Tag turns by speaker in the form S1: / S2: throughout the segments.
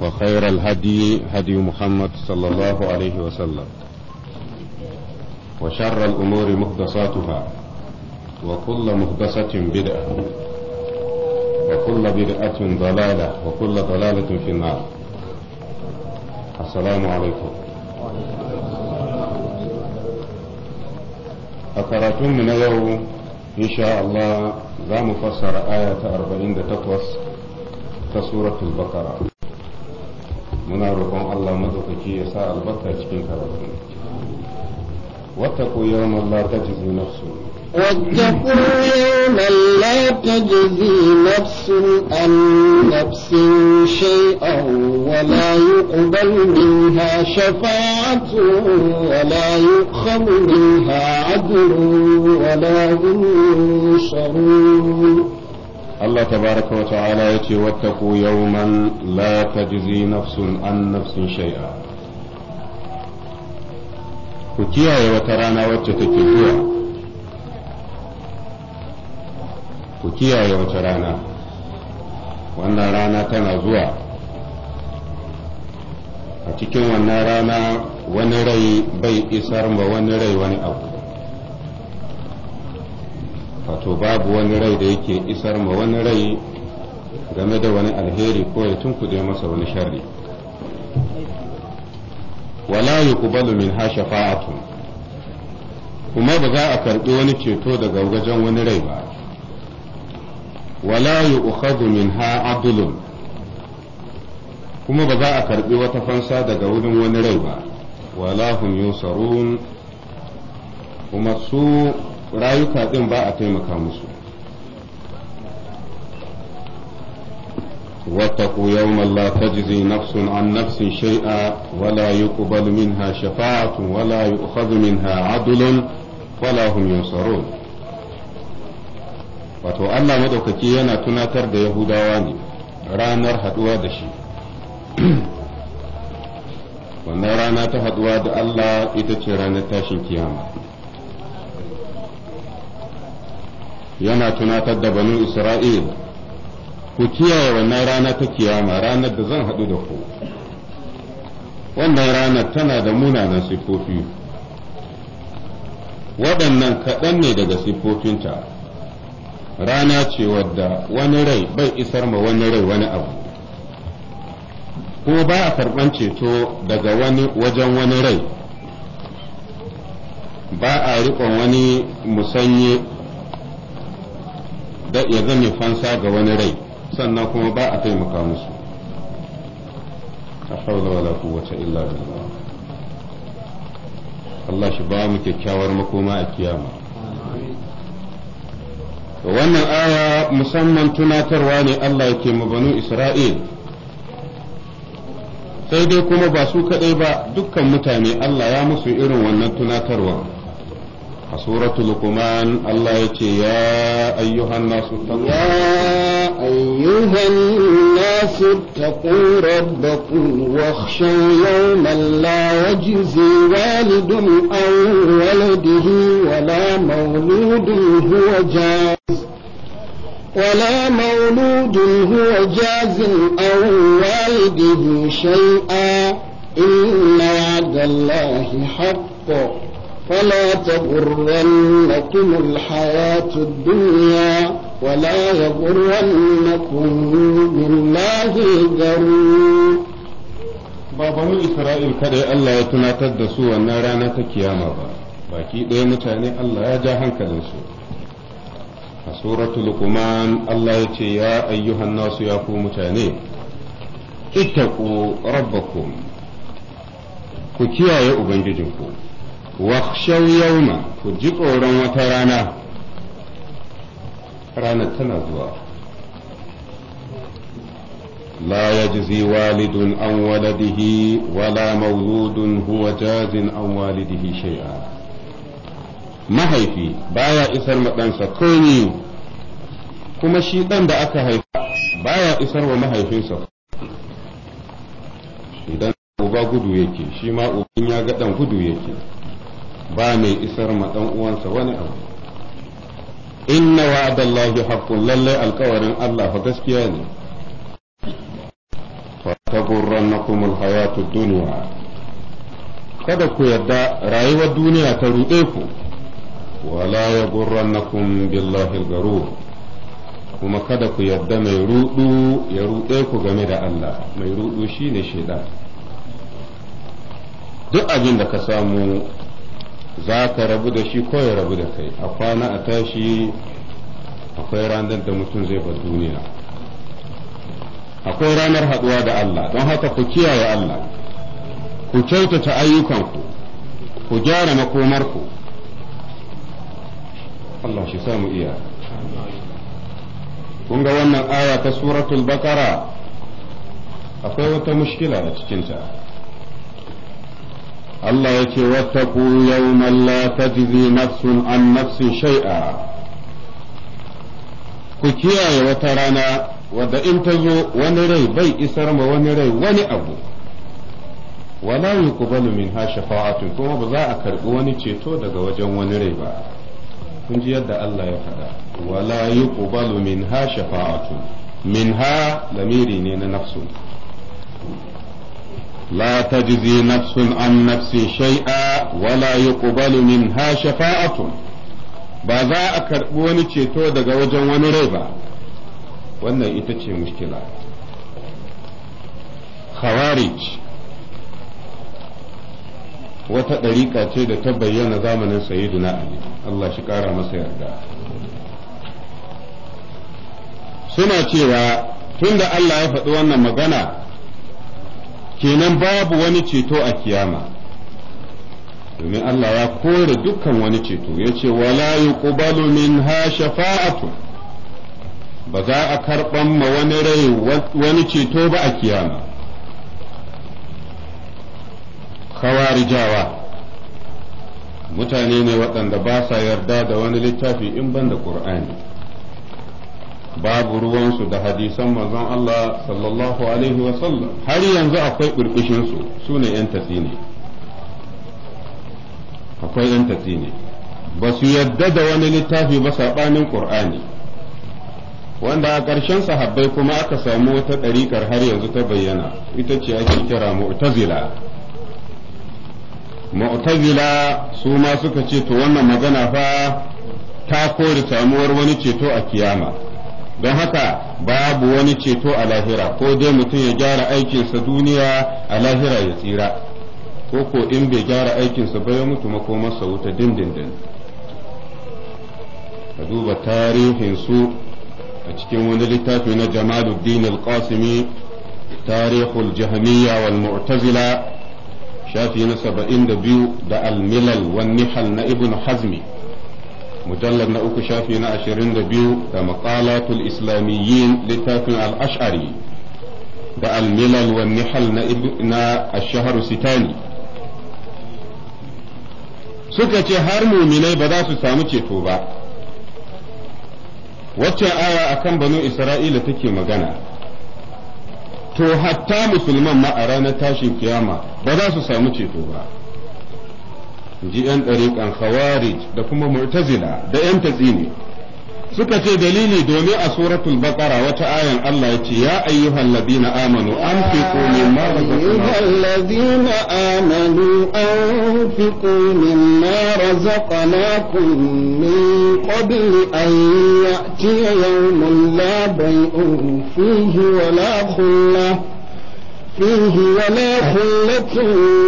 S1: وخير الهدي هدي محمد صلى الله عليه وسلم وشر الأمور مهدساتها وكل مهدسة بدعة وكل بدعة ضلالة وكل ضلالة في النار السلام عليكم أكرتم من يوم إن شاء الله لا مفسر آية أربعين ta suratul البقرة muna roƙon Allah madaukaki ya sa albarka cikin karatu wattaqu yawman la tajzi nafsun
S2: واتقوا يوما
S3: لا تجزي نفس عن نفس شيئا ولا يقبل منها شفاعة ولا يؤخذ منها عدل ولا هم ينصرون
S1: Allah tabaraka wa ta'ala ya ce wattaku yawman la tajzi nafsun an nafsin shay'a ku kiyaye wata rana wacce zuwa ku kiyaye wata rana wannan rana tana zuwa a cikin wannan rana wani rai bai isar ma wani rai wani abu wato babu wani rai da yake isar ma wani rai game da wani alheri ko ya tunkuɗe masa wani sharri wala yuqbalu minha shafa'atun kuma ba za a karɓi wani ceto daga wajen wani rai ba wala yu'khadhu minha adlun kuma ba za a karɓi wata fansa daga wurin wani rai ba wala hum yusarun kuma su rayuka ɗin ba a taimaka musu واتقوا يوما لا تجزي نفس عن نفس شيئا ولا يقبل منها شفاعة ولا يؤخذ منها عدل ولا هم ينصرون wato Allah madaukaki yana tunatar da Yahudawa ne ranar haduwa da shi wannan rana ta haduwa da Allah ita ce ranar tashin kiyama yana tunatar da banu Isra'il, ku kiyaye wannan rana ta kiyama ranar da zan haɗu da ku. Wannan ranar tana da munanan siffofi, waɗannan kaɗan ne daga siffofinta, rana ce wadda wani rai bai isar ma wani rai wani abu. Ko ba a karɓan ceto daga wani wajen wani rai, ba a riƙon wani musanye ya zame fansa ga wani rai sannan kuma ba a taimaka musu a haula wala quwwata illa billah Allah shi ba mu kyakkyawar makoma a kiyama wannan aya musamman tunatarwa ne Allah yake ke banu Isra'il sai dai kuma ba su kaɗai ba dukkan mutane Allah ya musu irin wannan tunatarwa سورة لقمان الله يا أيها الناس اتقوا
S3: يا أيها الناس اتقوا ربكم واخشوا يوما لا يجزي والد أو ولده ولا مولود هو جاز ولا مولود هو جاز أو والده شيئا إن وعد الله حق فلا تغرنكم الحياة الدنيا ولا يغرنكم بالله الغرور
S1: ba banu Isra'il kadai Allah ya tunatar da su wannan rana ta kiyama ba, baki ɗaya mutane Allah ya ja hankalinsu. A suratul Luqman Allah ya ce, Ya ayyuhan nasu ya ku mutane, ittaku rabbakum ku kiyaye Ubangijinku. wakhshaw yawma ku ji tsoron wata rana ranar tana zuwa لا يجزي والد عن ولده ولا مولود هو جاز عن والده شيئا mahaifi baya isar ma ɗansa komi kuma shi ɗan da aka haifa baya isar wa mahaifinsa idan uba gudu yake shi ma uban ya ga ɗan gudu yake ba mai isar ma uwansa wani abu inna wa'adallahi haƙƙun lalle alkawarin Allah fa gaskiya ne fa tagurrannakum alhayatud kada ku yarda rayuwar duniya ta ruɗe ku wala yagurrannakum billahi algarur kuma kada ku yarda mai rudu ya ruɗe ku game da Allah mai rudu shine shaidan duk abin da ka samu za ka rabu da shi ko ya rabu da kai a kwana a tashi akwai ranar da mutum zai bar duniya akwai ranar haɗuwa da Allah don haka ku kiyaye Allah ku kyautata ayyukanku ku gyara makomarku Allah shi samu iya kun ga wannan aya ta suratul bakara akwai wata mushkila a cikinta Allah ya ce wattaku yawman la tajzi nafsun an nafsin shay'a ku kiyaye wata rana wadda in ta zo wani rai bai isar ma wani rai wani abu wala yuqbalu minha shafa'atun kuma ba za a karɓi wani ceto daga wajen wani rai ba kun ji yadda Allah ya faɗa wala yuqbalu minha shafa'atun minha lamiri ne na nafsun لا تجزي نفس عن نفس شيئا ولا يقبل منها شفاعة ba za a karɓi wani ceto daga wajen wani rai ba wannan ita ce mushkila khawarij wata ɗariƙa ce da ta bayyana zamanin sayyiduna ali Allah shi ƙara masa yarda suna cewa tunda Allah ya faɗi wannan magana kenan babu wani ceto a kiyama domin Allah ya kore dukkan wani ceto ya ce wala min ha shafa'atu ba za a karɓan ma wani rai wani ceto ba a kiyama kawarijawa mutane ne waɗanda ba sa yarda da wani littafi in ban da ƙur'ani babu ruwansu da hadisan manzon Allah sallallahu alaihi wa sallam har yanzu akwai ƙurƙushinsu su ne ‘yan ne akwai ‘yan ne ba su yadda da wani littafi ba saɓanin ƙur'ani wanda a ƙarshen sahabbai kuma aka samu wata ɗariƙar har yanzu ta bayyana ita ce ake kira mu'tazila mu'tazila su ma suka ce to wannan magana fa ta kore samuwar wani ceto a kiyama don haka babu wani ceto a lahira ko dai mutum ya gyara aikinsa duniya a lahira ya tsira ko ko in bai gyara aikinsa ba ya mutu makomarsa wuta dindindin ka duba tarihin su a cikin wani littafi na jamaluddin al-qasimi tarihul jahmiya wal mu'tazila shafi na 72 da al-milal wan nihal na ibn hazmi mujallar na uku shafi na ashirin da biyu da maqalatul islamiyyin littafin al-ash'ari da al-milal wa nihal na ash-shahr sitani suka ce har muminai ba za su samu ceto ba wacce aya akan banin isra'ila take magana to hatta musulman ma a ranar tashin kiyama ba za su samu ceto ba ji ‘yan ɗariƙan khawarij da kuma murtazina da ‘yan tatsini suka ce dalili domin a suratul baqara wata ayan Allah ya ce ya ayyuhal ladina amanu anfiqu mimma razaqnakum
S3: ladina amanu anfiqu mimma razaqnakum min qabl an ya'tiya yawmun la bay'un fihi wa la khullah فيه ولا خلة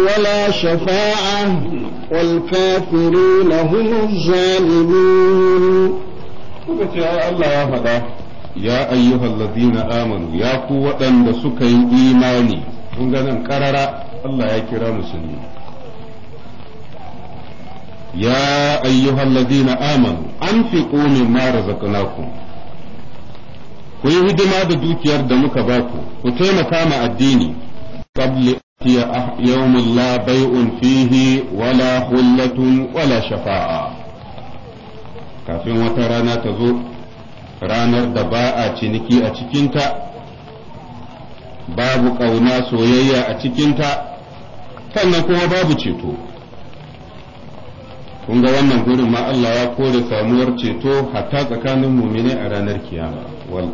S3: ولا شفاعة
S1: والكافرون هم الظالمون Allah ya faɗa ya ayyuhal ladina amanu ya ku waɗanda suka yi imani kun ganin karara Allah ya kira musulmi ya ayyuhal ladina amanu anfiqu mara zakanaku. ku yi hidima da dukiyar da muka ba ku ku taimaka ma addini ya ah, yawmin la bay'un fihi wala hullatun wala shafa'a kafin wata rana ta zo ranar da ba a ciniki a cikinta babu ƙauna soyayya a cikinta sannan kuma babu ceto kun ga wannan gurin ma Allah ya kore samuwar ceto hatta tsakanin mumine a ranar kiyama wal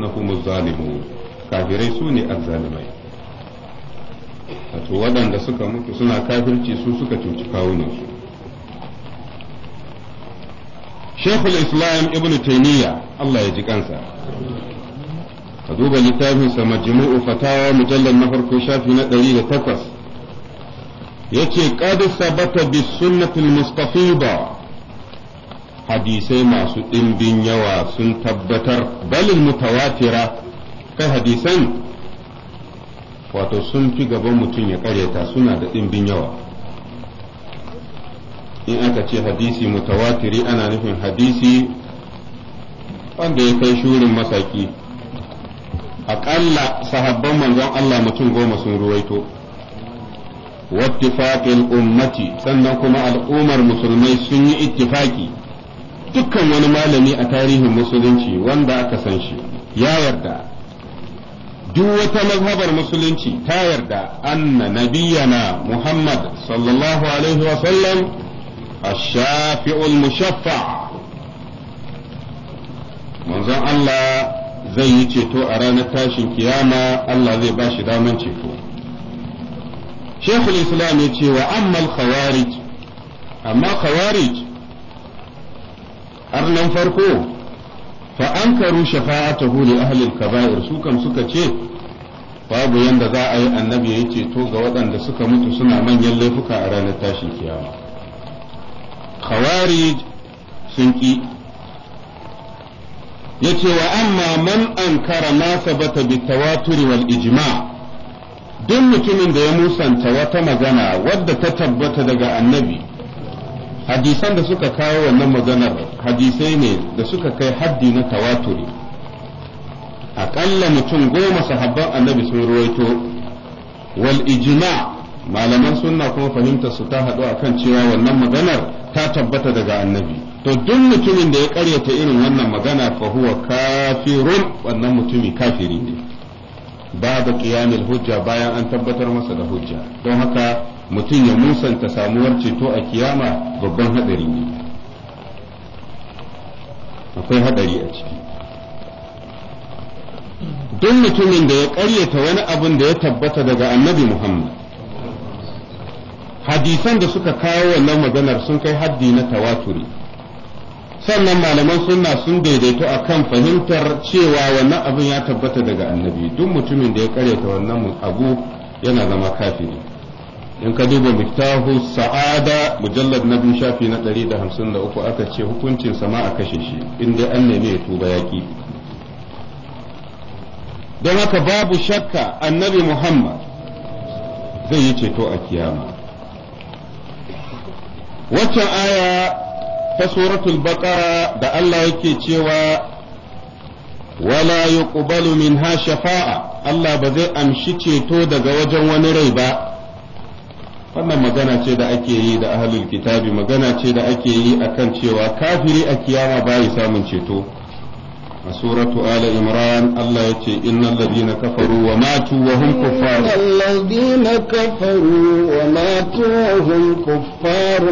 S1: na humuz zalimun kafirai su ne azzalimai wato waɗanda suka mutu suna kafirci su suka cuci kawunansu shekul islam ibn taimiyya Allah ya ji kansa ka duba littafinsa majmu'u fatawa mujallar na farko shafi na ɗari da takwas ya ce ƙadu sabata bi sunnatul mustafida hadisai masu ɗimbin yawa sun tabbatar balin mutawatira kai hadisan wato sun fi gaban mutum ya karyata suna da ɗimbin yawa in aka ce hadisi mutawatiri ana nufin hadisi wanda ya kai shurin masaki aƙalla sahabban manzon Allah mutum goma sun ruwaito واتفاق ummati sannan kuma al'ummar musulmai sun yi ittifaki dukkan wani malami a tarihin musulunci wanda aka san shi ya yarda duk wata mazhabar musulunci ta yarda anna nabiyyana muhammad sallallahu alaihi wa sallam ash mushaffa manzon Allah zai yi ceto a ranar tashin kiyama Allah zai ba shi daman ceto shekul islam ya ce wa ammal khawarij amma khawarij arnan farko fa ankaru shafa'atahu li ahli al-kaba'ir su kam suka ce babu yanda za a yi annabi ya ceto ga waɗanda suka mutu suna manyan laifuka a ranar tashin kiyama khawarij sun ki yace wa amma man ankara nasa sabata bi tawaturi wal ijma duk mutumin da ya musanta wata magana wadda ta tabbata daga annabi hadisan da suka kawo wannan maganar hadisai ne da suka kai haddi na tawaturi aƙalla mutum goma sahabban annabi sun ruwaito wal ijma malaman sunna kuma fahimtar su ta haɗu akan cewa wannan maganar ta tabbata daga annabi to duk mutumin da ya ƙaryata irin wannan magana fa huwa kafirun wannan mutumi kafiri ne babu ƙiyamil hujja bayan an tabbatar masa da hujja don haka mutum ya musanta samuwar ceto a kiyama babban hadari ne akwai hadari a ciki duk mutumin da ya karyata wani abin da ya tabbata daga annabi Muhammad hadisan da suka kawo wannan maganar sun kai haddi na tawaturi sannan malaman sunna sun daidaito a kan fahimtar cewa wannan abin ya tabbata daga annabi duk mutumin da ya karyata wannan abu yana zama kafiri in ka duba miftahu sa'ada mujallad na biyu shafi na 153 aka ce hukuncin sama a kashe shi inda an nemi ya tuba yaƙi don haka babu shakka annabi muhammad zai yi ceto a kiyama waccan aya ta suratul baqara da allah yake cewa wala yuqbalu minha shafa'a allah ba zai amshi ceto daga wajen wani rai ba wannan magana ce da ake yi da ahlul kitabi magana ce da ake yi akan cewa kafiri a kiyama bai samun ceto a suratu ala imran Allah ya ce innal ladina kafaru wa matu wa hum kuffar
S3: ladina kafaru wa matu wa hum kuffar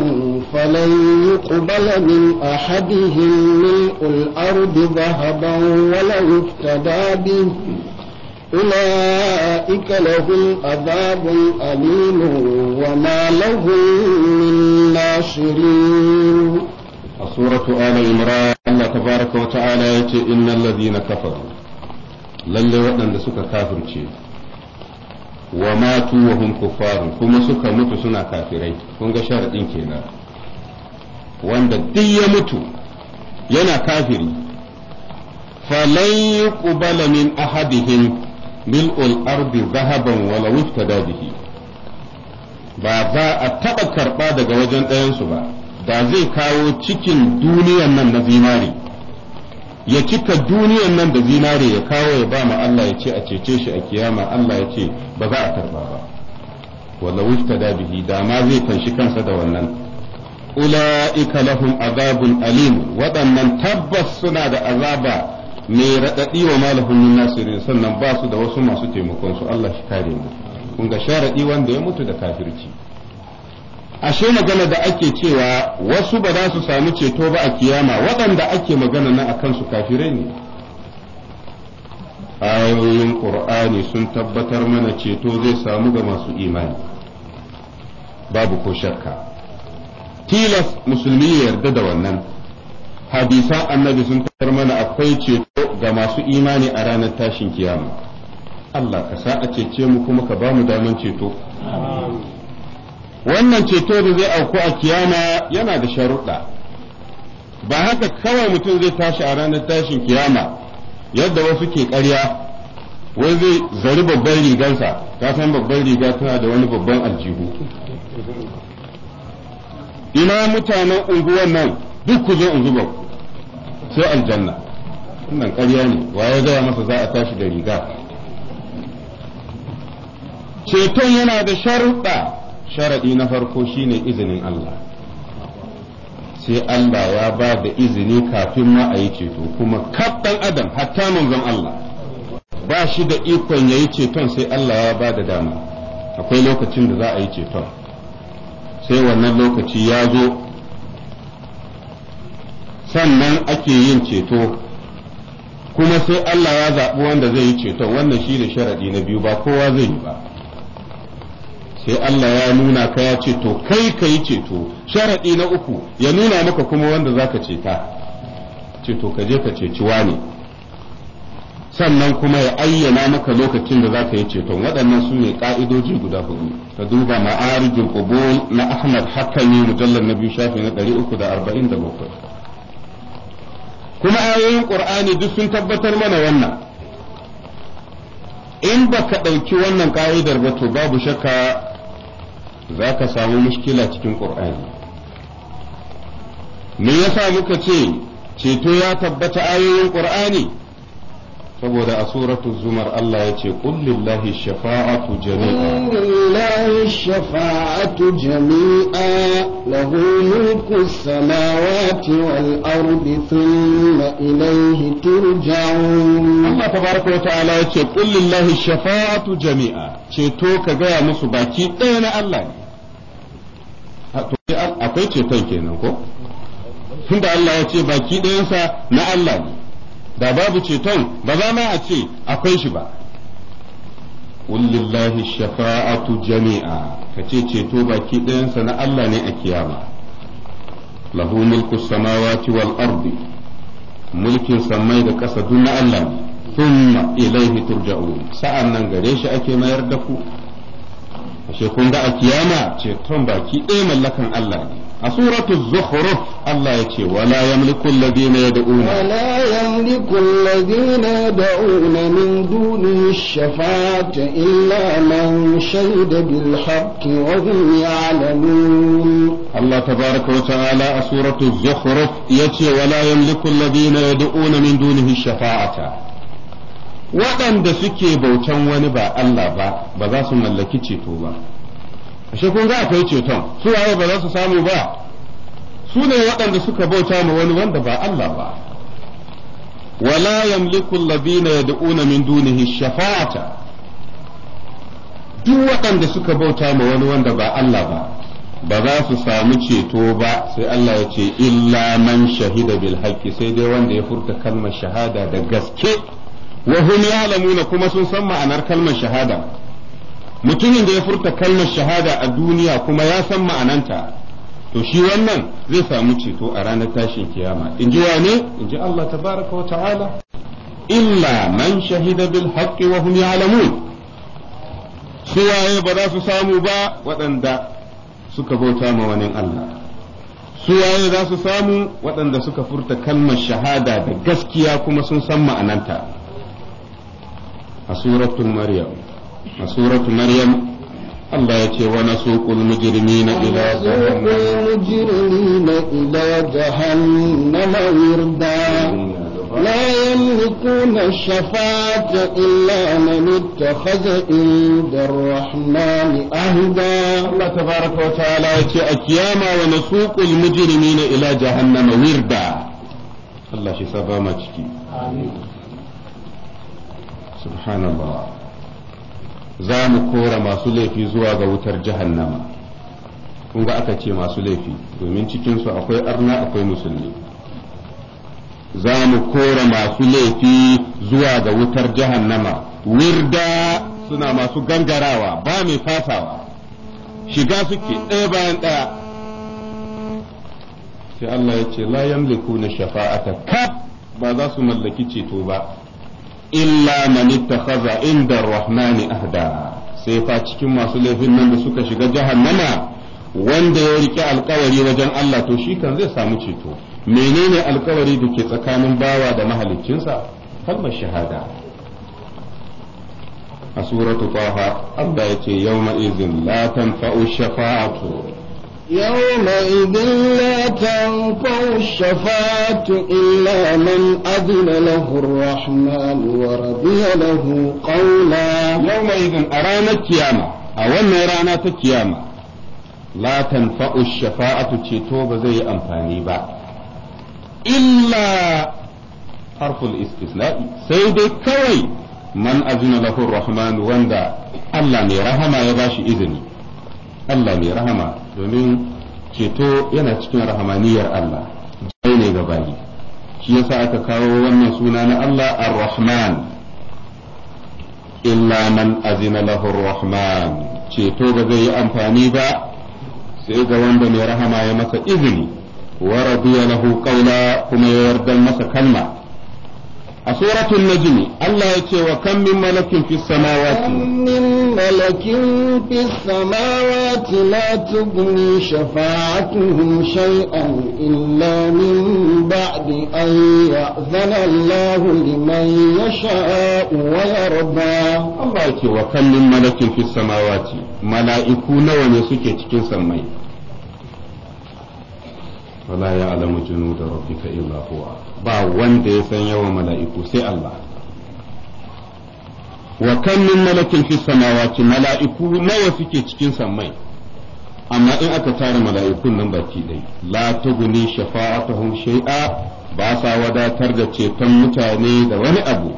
S3: falan yuqbala min ahadihim mil'ul ardi dhahaban wa la yuftada bihi أولئك لهم عذاب أليم وما لهم من
S1: ناصرين سورة آل عمران الله تبارك وتعالى يتي إن الذين كفروا لن وأن سكا كافر wa matu wa hum kuffarun kuma suka mutu suna kafirai kun ga sharadin kenan wanda duk ya mutu yana kafiri falan yuqbala min mil'ul ardi zahaban wala wiftada bihi ba za a taɓa karɓa daga wajen ɗayansu ba da zai kawo cikin duniyan nan na zinare ya cika duniyan nan da zinare ya kawo ya ba ma Allah ya ce a cece shi a kiyama Allah ya ce ba za a karba ba wala da bihi da ma zai fanshi kansa da wannan ula'ika lahum azabun alim waɗannan tabbas suna da azaba mai raɗaɗi wa malahun min nasirin sannan ba su da wasu masu taimakon su Allah shi kare mu kun ga sharaɗi wanda ya mutu da kafirci ashe magana da ake cewa wasu ba za su sami ceto ba a kiyama waɗanda ake magana na akan su kafirai ne ayoyin qur'ani sun tabbatar mana ceto zai samu ga masu imani babu ko shakka tilas musulmi ya yarda da wannan hadisan annabi sun tabbatar mana akwai ceto ga masu imani a ranar tashin kiyama Allah ka sa a cece mu kuma ka ba mu daman ceto wannan ceto da zai auku a kiyama yana da sharuɗa ba haka kawai mutum zai tashi a ranar tashin kiyama yadda wasu ke ƙarya wai zai zari babban rigansa ta san babban riga tana da wani babban aljihu ina mutanen unguwan nan duk ku zo in zuba ku sai aljanna wannan ƙarya ne wa ya gaya masa za a tashi da riga ceton yana da sharuɗa sharaɗi na farko shine izinin Allah sai Allah ya ba da izini kafin ma a yi ceto kuma kaf adam hatta manzon Allah ba shi da ikon ya yi ceton sai Allah ya ba da dama akwai lokacin da za a yi ceton sai wannan lokaci ya zo sannan ake yin ceto kuma sai Allah ya zaɓi wanda zai yi ceto wannan shi da sharaɗi na biyu ba kowa zai yi ba sai Allah ya nuna ka ya ceto kai ka yi ceto sharaɗi na uku ya nuna maka kuma wanda za ka ceta ceto ka je ka ceci ne sannan kuma ya ayyana maka lokacin da za ka yi ceton waɗannan su ne ƙa'idoji guda hudu ka duba ma'arijin ƙubul na ahmad hakan yi mujallar na biyu shafi na ɗari da arba'in da bakwai kuma ayoyin qur'ani duk sun tabbatar mana wannan in ba ka ɗauki wannan ƙa'idar ba to babu shakka za ka samu mushkila cikin qur'ani me yasa muka ce ceto ya tabbata ayoyin qur'ani. saboda a suratu zumar Allah ya ce kullillahi shafa'atu jami'a
S3: lillahi shafa'atu jami'a lahu mulku samawati wal ardi thumma ilayhi
S1: turja'un Allah tabaraka wa ta'ala ya ce kullillahi shafa'atu jami'a ceto ka gaya musu baki ɗaya na Allah ne to akwai ceton kenan ko tunda Allah ya ce baki ɗayansa na Allah ne da babu ceton ba za ma a ce akwai shi ba ullillahi shafa'atu jami'a ka ce ceto baki ɗayansa na Allah ne a kiyama lahu mulku samawati wal ardi mulkin samai da ƙasa duk na Allah ne thumma ilaihi turja'un sa'an nan gare shi ake mayar da ku ashe kun ga a kiyama ceton baki ɗaya mallakan Allah ne a suratul zukhruf Allah yace wala yamliku alladhina yad'una
S3: wala yamliku alladhina yad'una min dunihi ash-shafa'ata illa man
S1: shahida bil haqqi wa hum ya'lamun Allah tabaaraka wa ta'ala a suratul zukhruf yace wala yamliku alladhina yad'una min dunihi ash-shafa'ata waɗanda suke bautan wani ba Allah ba ba za su mallaki ceto ba shi kun ga akwai ceton su waye ba za su samu ba su ne waɗanda suka bauta ma wani wanda ba Allah ba wala yamliku alladhina yad'una min dunihi shafa'ata duk waɗanda suka bauta ma wani wanda ba Allah ba ba za su samu ceto ba sai Allah ya ce illa man shahida bil haqqi sai dai wanda ya furta kalmar shahada da gaske wa hum ya'lamuna kuma sun san ma'anar kalmar shahada mutumin da ya furta kalmar shahada a duniya kuma ya san ma'ananta to shi wannan zai samu ceto a ranar tashin kiyama in ji wane in ji Allah tabaraka wa ta'ala illa man shahida bil haqqi wa hum ya'lamun suwaye ba za su samu ba waɗanda suka bauta ma wani Allah waye za su samu waɗanda suka furta kalmar shahada da gaskiya kuma sun san ma'ananta a suratul maryam a suratu maryam Allah ya ce wani suƙul mujirmi na ila jahannama
S3: wirda la yamlikuna shafa'ata illa man ittakhadha inda ar-rahmani ahda Allah tabaraka wa ya
S1: ce a kiyama wa nasuqul mujrimina ila jahannama wirda Allah shi saba ma ciki subhanallah za mu kora masu laifi zuwa ga wutar jahannama kun ga aka ce masu laifi domin cikinsu akwai arna akwai musulmi za mu kora masu laifi zuwa ga wutar jahannama wirda suna masu gangarawa ba mai fasawa shiga suke ɗaya bayan ɗaya sai Allah ya ce la yamliku na shafa'ata kaf ba za su mallaki ceto ba illa man ittakhadha inda ar-rahmani ahda sai fa cikin masu laifin nan da suka shiga jahannama wanda ya rike alkawari wajen Allah to shi kan zai samu ceto menene alkawari da ke tsakanin bawa da mahaliccinsa kalmar shahada a suratu taha Allah ya ce yawma izin la tanfa'u shafa'atu
S2: يومئذ
S3: لا تنفع الشفاعة إلا من أذن له
S1: الرحمن ورضي له قولا يومئذ أرانا الكيامة أولا رانا الكيامة لا تنفع الشفاعة تشيتوب زي أمفاني با إلا حرف الاستثناء سيدي كوي من أذن له الرحمن وندا الله رحمه يباشي إذني Allah mai rahama domin ceto yana cikin rahamaniyar Allah jai ne ga bayi shi yasa aka kawo wannan suna na Allah ar-Rahman illa man azina lahu ar-Rahman ceto ba zai yi amfani ba sai ga wanda mai rahama ya masa izini wa radiya lahu qawla kuma ya yarda masa kalma a suratul najmi Allah ya ce wa kam min malakin fis samawati min malakin
S3: fis samawati la tughni shafa'atuhum shay'an illa min ba'di an ya'zana Allahu liman yasha'u wa
S1: yarda Allah ya ce wa kam min malakin fis samawati mala'iku nawa ne suke cikin samai. wala ya alamu junu da rabbika illa huwa ba wanda ya san yawan mala'iku sai Allah wa kan min malakin fi samawati mala'iku nawa suke cikin samai. amma in aka tara mala'ikun nan baki dai la tuguni shafa'atuhum shay'a ba sa wadatar da ceton mutane da wani abu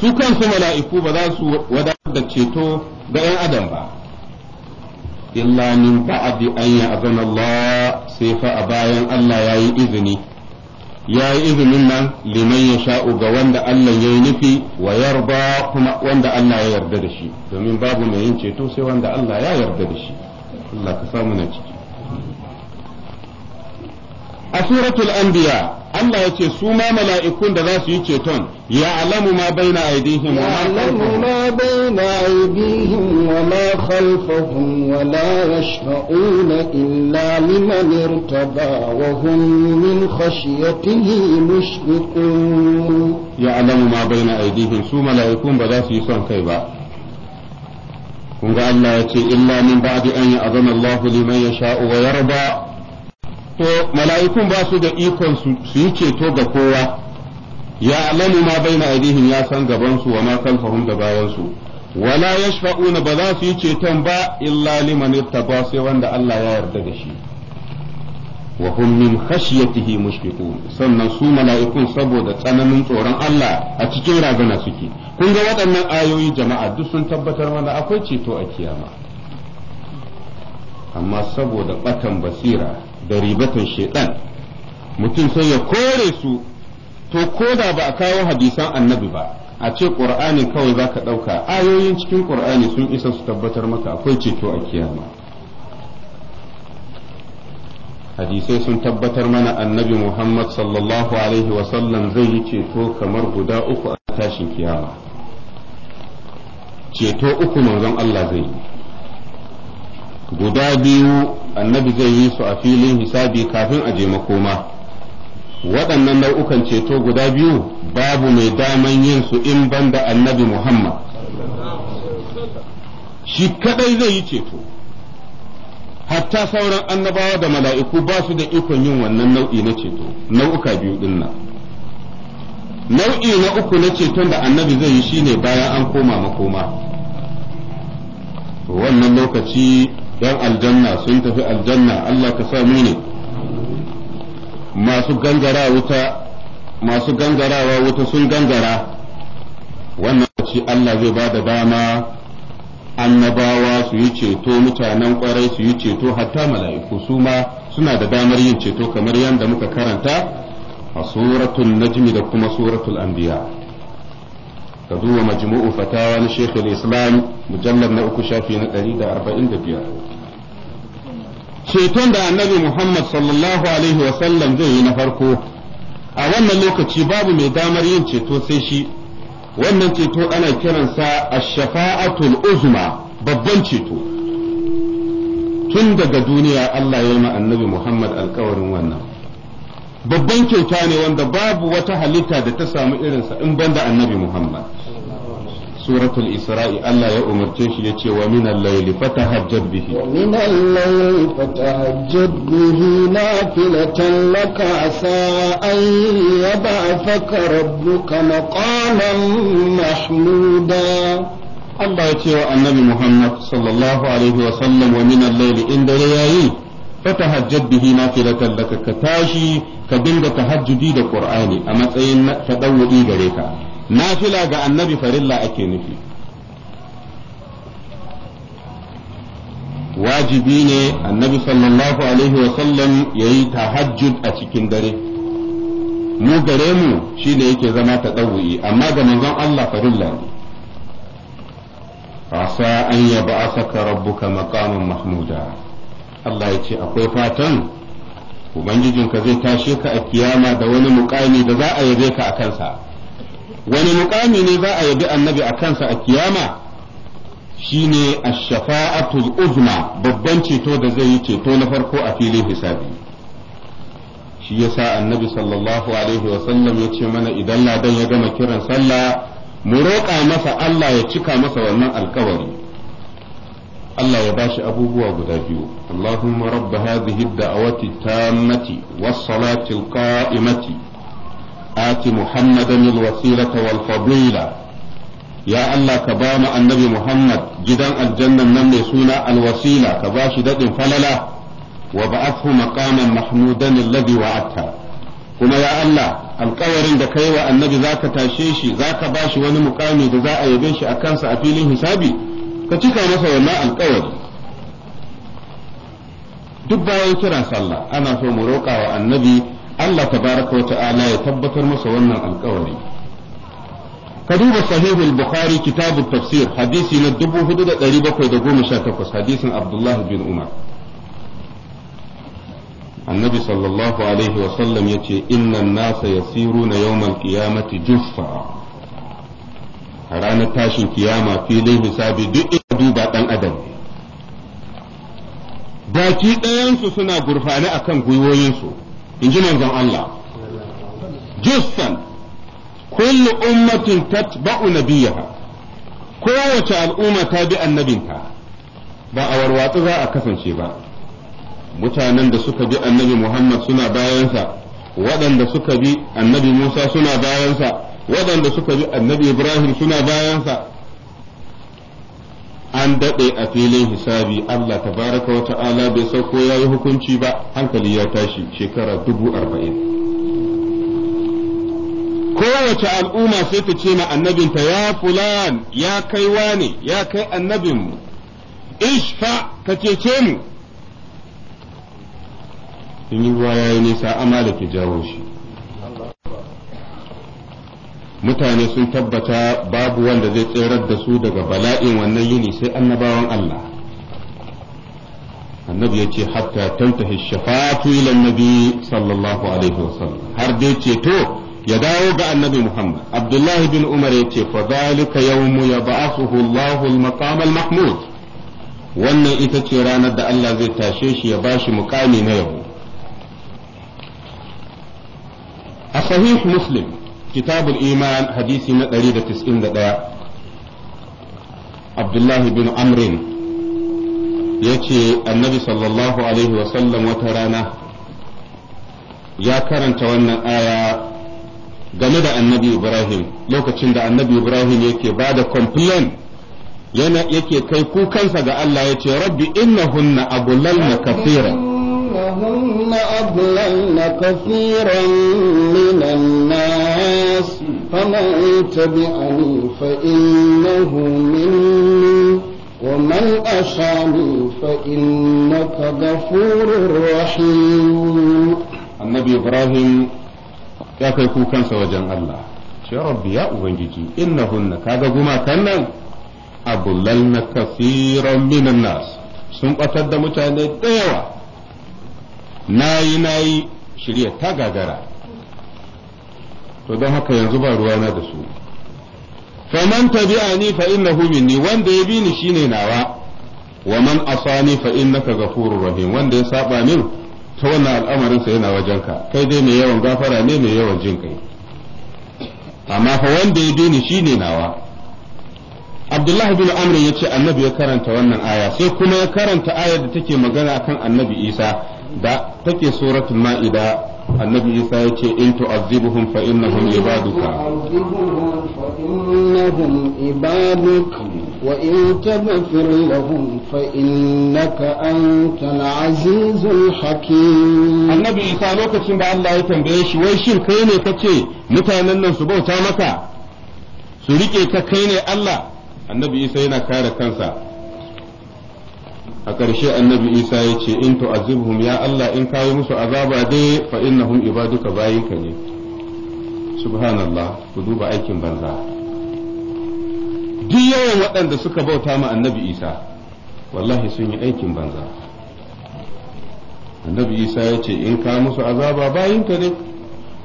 S1: su kansu mala'iku ba za su wadatar da ceto ga 'yan adam ba illa min ba'di an ya'zana Allah sai fa a bayan Allah yayi izini yayi izinin nan liman ya sha'u ga wanda Allah ya yi nufi wa yarda kuma wanda Allah ya yarda da shi domin babu mai yin ceto sai wanda Allah ya yarda da shi Allah ka samu na ciki a suratul anbiya Allah ya ce su ma mala'ikun da za su yi ceton ya alamu ma bai na aidihim wa
S3: ma baina aidihim wa ma khalfahum wa la yashfa'una illa liman irtaba wa hum min khashyatihi mushfiqun
S1: ya alamu ma baina aidihim su mala'ikun ba za su yi son kai ba kun ga Allah ya ce illa min ba'di an ya'zana Allahu liman yasha'u wa yarda to mala'ikun ba su da ikon su yi ceto ga kowa ya alamu ma bai na ya san gabansu wa ma kalfahum da bayansu wala yashfa'una ba za su yi ceton ba illa liman ba sai wanda Allah ya yarda da shi wa hum min khashyatihi mushfiqun sannan su mala'ikun saboda tsananin tsoron Allah a cikin ragana suke kun ga waɗannan ayoyi jama'a duk sun tabbatar mana akwai ceto a kiyama amma saboda batan basira da ribatan shaitan mutum sai ya kore su to ko da ba a kawo hadisan annabi ba a ce ƙur'ani kawai za ka ɗauka ayoyin cikin ƙur'ani sun isa su tabbatar maka akwai ceto a kiyama hadisai sun tabbatar mana annabi muhammad sallallahu alaihi wasallam zai yi ceto kamar guda uku a tashin kiyama ceto uku manzon allah zai yi guda biyu annabi zai yi su a filin hisabi kafin a je makoma waɗannan nau'ukan ceto guda biyu babu mai daman yin su in da annabi muhammad shi kadai zai yi ceto hatta sauran annabawa da mala'iku ba su da ikon yin wannan nau'i na ceto nau'uka biyu din nau'i na uku na ceton da annabi zai yi shine bayan an koma makoma wannan lokaci don aljanna sun tafi aljanna Allah ka sa ne masu gangara wuta masu gangarawa wuta sun gangara wannan ci Allah zai ba da dama annabawa su yi ceto mutanen kwarai su yi ceto hatta mala'iku su ma suna da damar yin ceto kamar yadda muka karanta a suratul najmi da kuma suratul anbiya ka duba majmu'u fatawa na shekul islam mujallar na uku shafi na ɗari da arba'in da biyar ceton da annabi muhammad sallallahu alaihi wasallam zai yi na farko a wannan lokaci babu mai damar yin ceto sai shi wannan ceto ana kiransa ash-shafa'atul uzma babban ceto tun daga duniya Allah ya yi ma annabi Muhammad alkawarin wannan babban kyauta ne wanda babu wata halitta da ta samu irinsa in banda annabi Muhammad suratul isra'i Allah ya umarce shi ya ce wa min al-layli fatahajjad bihi wa
S3: min al-layli fatahajjad bihi nafilatan laka asa an yab'athaka rabbuka
S1: maqaman mahmuda Allah ya ce wa annabi Muhammad sallallahu alaihi wa sallam wa min al-layli in dare yayi fatahajjad bihi nafilatan laka ka tashi ka dinga tahajjudi da Qur'ani a matsayin tadawudi gare ka nafila ga annabi farilla ake nufi wajibi ne annabi sallallahu alaihi wasallam ya yi tahajjud a cikin dare mu gare mu shi ne yake zama ta amma ga manzon Allah farilla ne asa an ya ba'asaka rabbuka maqaman mahmuda Allah ya ce akwai fatan ubangijinka zai tashe ka a kiyama da wani mukami da za a yabe ka a kansa wani mukami ne za a yabi annabi a kansa a kiyama shine a shafaatul uzma babban ceto da zai yi ceto na farko a filin hisabi shi yasa annabi sallallahu alaihi wa sallam ce mana idan ladan ya gama kiran sallah mu roƙa masa Allah ya cika masa wannan alƙawari Allah ya bashi abubuwa guda biyu Allahumma rabb hadhihi ad-da'wati آت محمدا الوسيلة والفضيلة يا الله كبام النبي محمد جدا الجنة نمي سونا الوسيلة كباش دد فللا وبعثه مقاما محمودا الذي وعدته kuma ya Allah alkawarin da kai wa annabi za ka tashe shi za ka ba wani mukami da za a yabe shi a kansa a filin hisabi ka cika masa wannan alkawari duk bayan kiran sallah ana so mu roƙa wa annabi Allah tabaraka wa ta'ala ya tabbatar masa wannan alkawari ka duba sahih al-bukhari kitab tafsir hadisi na 4718 hadisin abdullah bin umar annabi sallallahu alaihi wa sallam yace innan nasa yasiruna yawmal qiyamati juffa ranar tashin kiyama filin hisabi duk ina duba dan adam baki ɗayansu suna gurfani akan gwiwoyinsu in ji manzon Allah justan kullu ummatin tatba'u nabiyaha kowace al'umma ta bi annabinta ba a warwatsu za a kasance ba mutanen da suka bi annabi Muhammad suna bayansa waɗanda suka bi annabi Musa suna bayansa waɗanda suka bi annabi Ibrahim suna bayansa an daɗe a filin hisabi Allah ta baraka wa ta'ala bai sauko ya yi hukunci ba hankali ya tashi shekara dubu arba'in kowace al'umma sai ta ce ma annabinta ya fulan ya kai ne? ya kai annabinmu ishfa ka cece mu in ruwa ya yi nisa amma da ke jawo shi mutane sun tabbata babu wanda zai tserar da su daga bala'in wannan yini sai annabawan Allah annabi ya ce hatta tantahi shafatu ila annabi sallallahu alaihi wasallam har dai ceto ya dawo ga annabi Muhammad Abdullahi bin Umar ya ce fa zalika yawmu yab'athuhu Allahu al-maqam al-mahmud wannan ita ce ranar da Allah zai tashe shi ya bashi mukami na yabo a sahih muslim kitabul iman hadisi na ɗaya abdullahi bin amrin ya ce annabi sallallahu alaihi wasallam wata rana ya karanta wannan aya game da annabi ibrahim lokacin da annabi ibrahim yake ba da complain yana yake kai kukansa ga Allah ya ce rabbi innahunna abullalna kafiran
S3: innahunna abullalna kafiran minan nas الناس فمن تبعني فإنه مني ومن
S1: أشعني فإنك غفور رحيم النبي إبراهيم يا كيكو كان سوجن الله يا ربي يا أبنجي إنهن كاغا غما أضللن كثيرا من الناس sun ɓatar da mutane da yawa na yi na yi shirya ta gagara to don haka yanzu ba ruwa na da su faman tabi'ani fa innahu minni wanda ya bi ni shine nawa wa man asani fa innaka ghafurur rahim wanda ya saba min ta wannan al'amarin sa yana wajenka kai dai mai yawan gafara ne mai yawan jin kai amma fa wanda ya bini shine nawa Abdullahi bin Amr ya ce annabi ya karanta wannan aya sai kuma ya karanta ayar da take magana akan annabi Isa da take suratul Ma'ida annabi isa ya ce in tu'azzibuhum fa innahum ibaduka
S3: innahum ibaduk wa in taghfir lahum fa innaka antal azizul hakim annabi
S1: isa lokacin da Allah ya tambaye shi wai shin kai ne kace mutanen nan su bauta maka su rike ka kai ne Allah annabi isa yana kare kansa a ƙarshe annabi isa ya ce in tu'azibhum ya Allah in kayi musu azaba dai fa innahum ibaduka bayinka ne subhanallah ku duba aikin banza duk yawan waɗanda suka bauta ma annabi isa wallahi sun yi aikin banza annabi isa ya ce in kawo musu azaba bayinka ne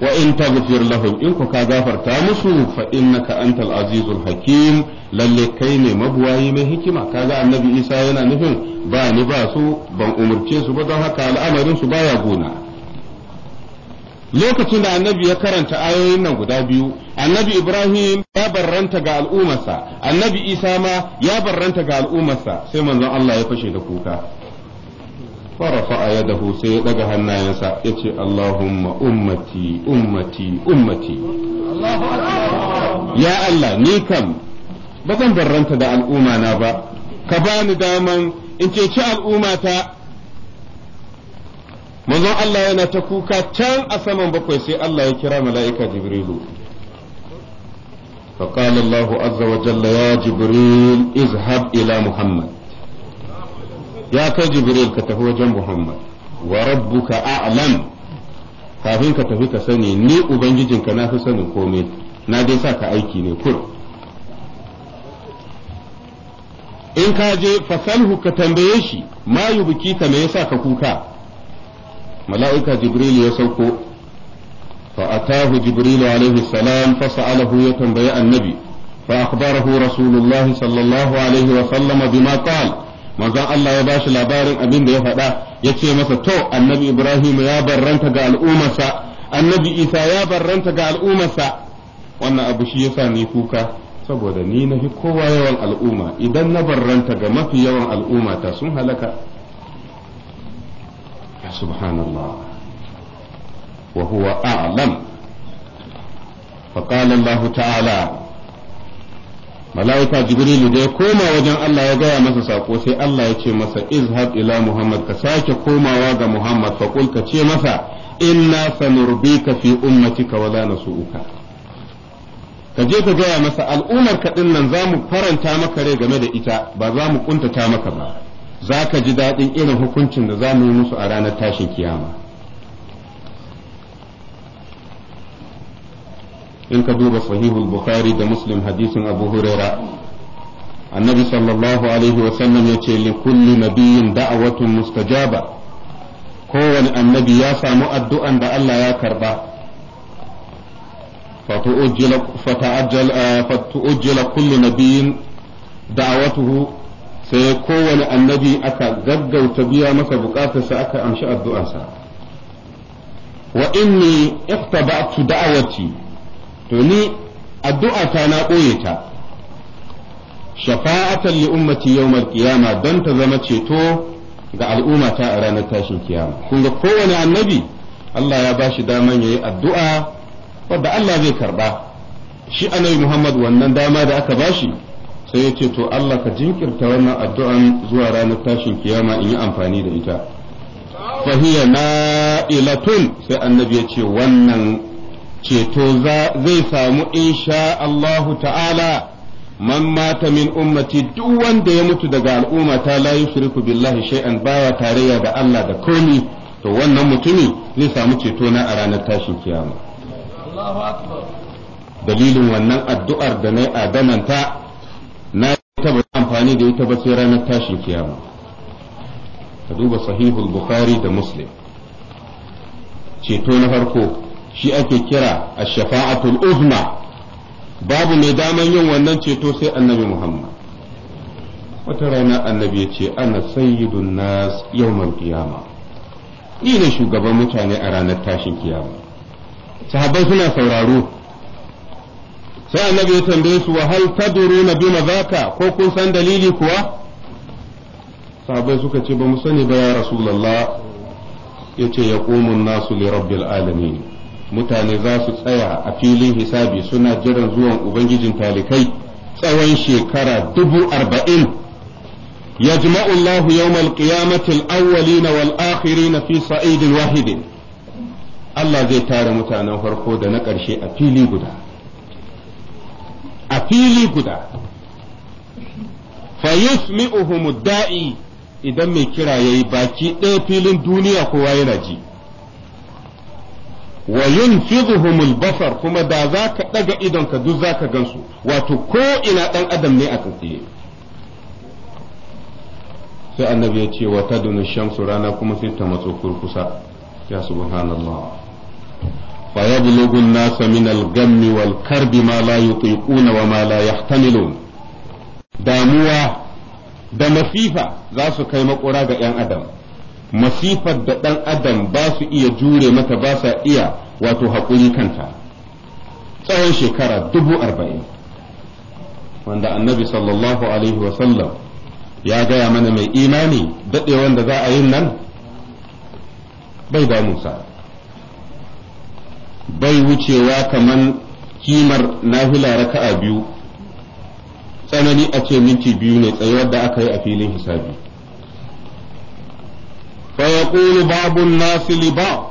S1: wa in taghfir lahum in ku ka gafarta musu fa innaka antal azizul hakim lalle kai ne mabuwayi mai hikima kaga annabi isa yana nufin ba ni ba su ban umurce su ba don haka al'amarin su baya gona lokacin da annabi ya karanta ayoyin nan guda biyu annabi ibrahim ya barranta ga al'ummarsa annabi isa ma ya barranta ga al'ummarsa sai manzon Allah ya fashe da kuka فرفع يده سيدغ هنايسا يتي اللهم أمتي أمتي أمتي
S2: الله أكبر يا الله
S1: نيكم بزن برنت دا الأمة نابا كبان داما انت شاء الأمة تا manzon Allah yana ta kuka can a saman bakwai sai Allah ya kira mala'ika Jibrilu. فقال الله عز وجل يا جبريل اذهب إلى محمد ya kai jibril ka tafi wajen muhammad wa rabbuka a'lam kafin ka tafi ka sani ni ubangijin na fi sanin komai na dai sa ka aiki ne kur in ka je fasalhu ka tambaye shi mayu yubki ka me yasa ka kuka mala'ika jibril ya sauko fa atahu jibril alaihi salam ya tambayi annabi fa akhbarahu rasulullahi sallallahu alaihi wa sallama manzon Allah ya ba shi labarin abin da ya faɗa ya ce masa to annabi Ibrahim ya barranta ga al'ummarsa annabi Isa ya barranta ga al'ummarsa wannan abu shi yasa ni kuka saboda ni na fi kowa yawan al'umma idan na barranta ga mafi yawan al'umma ta sun halaka ya subhanallah wa huwa a'lam فقال الله تعالى mala'ika jibrilu da ya koma wajen Allah ya gaya masa sako sai Allah ya ce masa izhab ila muhammad ka sake komawa ga muhammad fa ka ce masa inna sanurbika fi ka wala nasu'uka ka je ka gaya masa al'ummar ka din nan mu faranta maka rai game da ita ba za mu kuntata maka ba za ka ji daɗin irin hukuncin da za mu yi musu a ranar tashin kiyama in ka duba sahihul bukhari da muslim hadisin abu huraira annabi sallallahu alaihi sallam ya ce likulli nabiyin da'awatun mustajaba kowane annabi ya samu addu'an da Allah ya karba fata'ajjala kullu nabiyin da'awatuhu sai kowane annabi aka gaggauta biya masa bukatarsa aka amshi addu'arsa wa inni iqtaba'tu da'awati to ni addu'a ta na ɓoye ta shafa'atan li ummati yawmal qiyama don ta zama ceto ga al'umma ta a ranar tashin kiyama kun ga kowane annabi Allah ya bashi daman yayi addu'a wadda Allah zai karba shi annabi Muhammad wannan dama da aka bashi sai ya ce to Allah ka jinkirta wannan addu'an zuwa ranar tashin kiyama in yi amfani da ita fahiya na'ilatun sai annabi ya ce wannan ceto zai samu insha Allahu ta'ala man mata min ummati duk wanda ya mutu daga al'umma ta la yushriku billahi shay'an baya tarayya da Allah da komi to wannan mutumi zai samu ceto na a ranar tashin kiyama dalilin wannan addu'ar da na adananta na taba amfani da ita ba sai ranar tashin kiyama ka duba sahihul bukhari da muslim ceto na farko shi ake kira a shafa'atul uzma babu mai daman yin wannan ceto sai annabi muhammad wata rana annabi ya ce ana sayyidun nas yawmal kiyama ni ne shugaban mutane a ranar tashin kiyama sahabbai suna sauraro sai annabi ya tambaye su wa hal na bima zaka ko kun san dalili kuwa sahabbai suka ce ba mu sani ba ya rasulullah yace yaqumun nasu li rabbil alamin mutane za su tsaya a filin hisabi suna jiran zuwan ubangijin talikai tsawon shekara dubu arba'in يجمع الله يوم na الأولين na fi صعيد واحد Allah zai tara mutanen farko da na ƙarshe a fili guda. A fili guda, fayus mi'uhumu da'i idan mai kira ya yi baki ɗaya filin duniya kowa yana ji. wa yunfidhuhumul basar kuma da za ka daga idon duk za ka gansu wato ko ina dan adam ne a tsaye sai annabi ya ce wa tadunu shamsu rana kuma sai ta matso kurkusa ya subhanallah fa yablughu an-nas min al-ghammi wal karbi ma wa ma la yahtamilun damuwa da masifa za su kai makura ga yan adam masifar da ɗan adam ba su iya jure mata ba sa iya wato haƙuri kanta tsawon shekara dubu arba'in wanda annabi sallallahu alaihi wasallam ya gaya mana mai imani daɗe wanda za a yin nan bai ba musa bai wucewa kamar kimar nafila raka'a biyu tsanani a ce minti biyu ne tsayuwar da aka yi a filin hisabi fa yaqulu babu nas li ba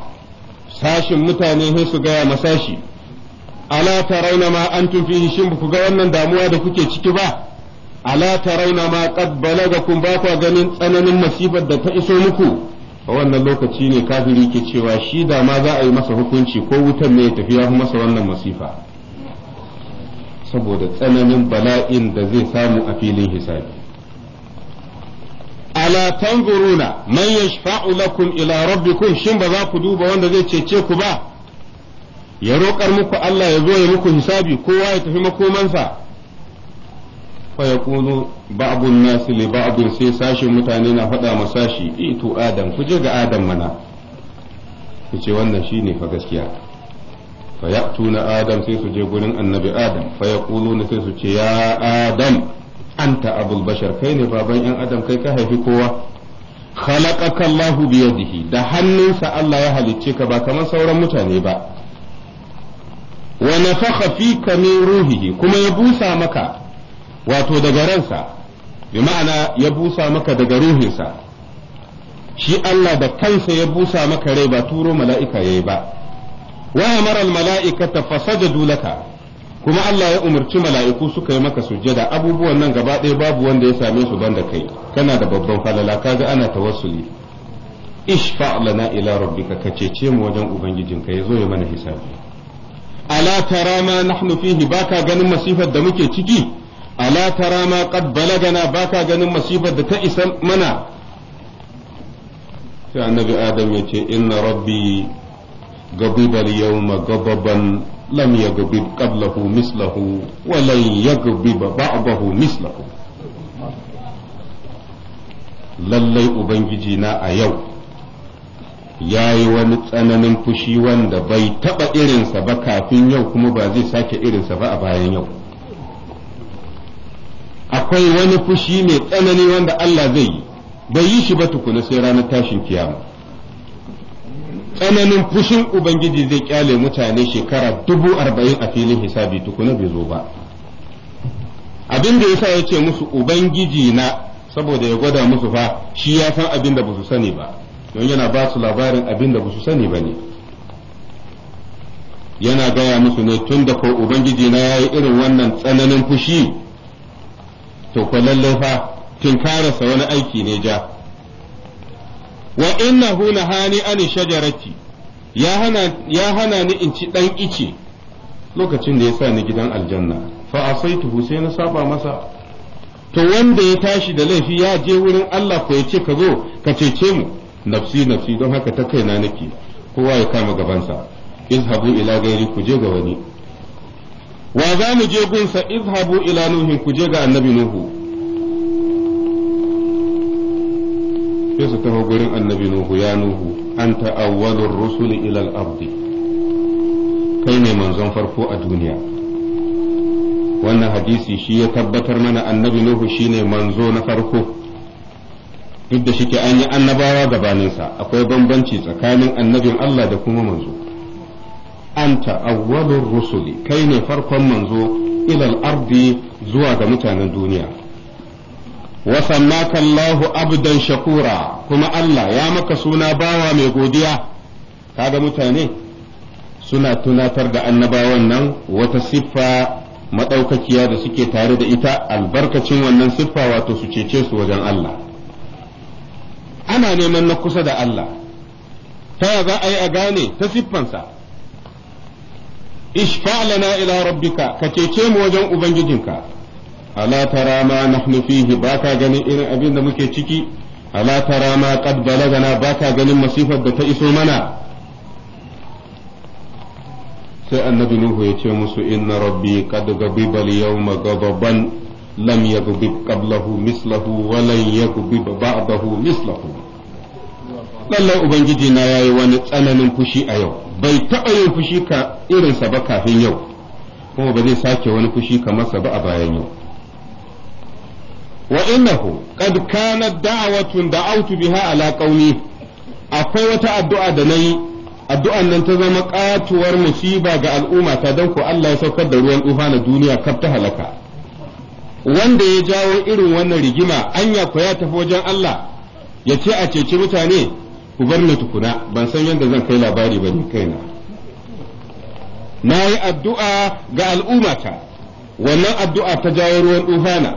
S1: sashin mutane sai su gaya masashi ala taraina ma antum fihi shin ku ga wannan damuwa da kuke ciki ba ala taraina ma qad balagakum ba ku ganin tsananin masifar da ta iso muku a wannan lokaci ne kafiri ke cewa shi da ma za a yi masa hukunci ko wutan ne ya tafi masa wannan masifa saboda tsananin bala'in da zai samu a filin hisabi ala tanzuruna man yashfa'u lakum ila rabbikum shin ba za ku duba wanda zai cece ku ba ya roƙar muku Allah ya zo ya muku hisabi kowa ya tafi makomansa fa yaqulu ba'dun nas li sai sashin mutane na faɗa ma e to adam ku je ga adam mana ku ce wannan shine fa gaskiya fa ya'tuna adam sai su je gurin annabi adam fa sai su ce ya adam anta abul bashar kai ne baban in adam kai ka haifi kowa khalaqaka Allah biyadihi da hannunsa Allah ya halicce ka ba kamar sauran mutane ba wa nafakha ka min ruhi kuma ya busa maka wato daga ransa bi ma'ana ya busa maka daga ruhinsa shi Allah da kansa ya busa maka rai ba turo mala'ika yayi ba wa amara al mala'ikata fasajadu laka kuma Allah ya umarci mala'iku suka yi maka sujjada abubuwan nan gaba ɗaya babu wanda ya same su banda kai kana da babban falala kaga ana tawassuli ishfa lana ila rabbika ka cece mu wajen ubangijin yazo ya mana hisabi ala tara ma nahnu fihi baka ganin masifar da muke ciki ala tara ma qad balagana baka ganin masifar da ta isa mana sai annabi adam ya ce inna rabbi gabibal yawma غضبا lam yaghdib qablahu mislahu wa lan yaghdib ba'dahu lallai ubangiji na a yau yayi wani tsananin fushi wanda bai taɓa irinsa ba kafin yau kuma ba zai sake irinsa ba a bayan yau akwai wani fushi mai tsanani wanda Allah zai yi bai yi shi ba tukuna sai ranar tashin kiyama tsananin fushin ubangiji zai kyale mutane shekara dubu arba'in a filin hisabi tukuna bai zo ba abin da yasa ya ce musu ubangiji na saboda ya gwada musu fa shi ya san abin da ba su sani ba don yana ba su labarin abin da ba su sani ba ne yana gaya musu ne tun da ko ubangiji na ya yi irin wannan tsananin fushi to ko laifa fa wani aiki ne ja wa innahu hani an shajarati ya hana ya hana ni in ci dan ice lokacin da ya sa ni gidan aljanna fa asaituhu sai na saba masa to wanda ya tashi da laifi ya je wurin Allah ko ya ce ka zo ka cece mu nafsi nafsi don haka ta kaina nake kowa ya kama gabansa izhabu ila gairi ku je ga wani wa za mu je gunsa izhabu ila nuhin ku je ga annabi nuhu sai su taho gurin annabi nuhu ya nuhu an ta'awwalur rusuli ila al-ardi kai ne manzon farko a duniya wannan hadisi shi ya tabbatar mana annabi nuhu shine manzo na farko duk da shike an yi annabawa gabaninsa akwai bambanci tsakanin annabin Allah da kuma manzo anta awwalur rusuli kai ne farkon manzo ila al-ardi zuwa ga mutanen duniya wa sannaka Allahu shakura kuma Allah ya maka suna bawa mai godiya kaga mutane suna tunatar da annabawan nan wata siffa madaukakiya da suke tare da ita albarkacin wannan siffa wato su cece wajen Allah ana neman na kusa da Allah ta za a yi a gane ta siffansa ishfa lana ila rabbika ka cece mu wajen ubangijinka ala tara ma nahnu fihi ba ka ganin irin abin da muke ciki ala tara ma qad balagana ba ka ganin masifar da ta iso mana sai annabi nuhu ya ce musu inna rabbi qad ghadiba al-yawma ghadaban lam yaghdib qablahu mislahu wa lan yaghdib ba'dahu mislahu lallai ubangiji na yayi wani tsananin fushi a yau bai taɓa yin fushi ka irinsa ba kafin yau kuma ba zai sake wani fushi kamar sa ba a bayan yau wa innahu qad kanat da'watun da'awtu biha ala qaumi akwai wata addu'a da nayi addu'an nan ta zama katuwar musiba ga al'umma ta dan ko Allah ya saukar da ruwan tufa na duniya kaf ta halaka wanda ya jawo irin wannan rigima anya ko ya tafi wajen Allah ya ce a ceci mutane ku bar ni tukuna ban san yadda zan kai labari ba ni kai na yi addu'a ga al'ummata wannan addu'a ta jawo ruwan tufana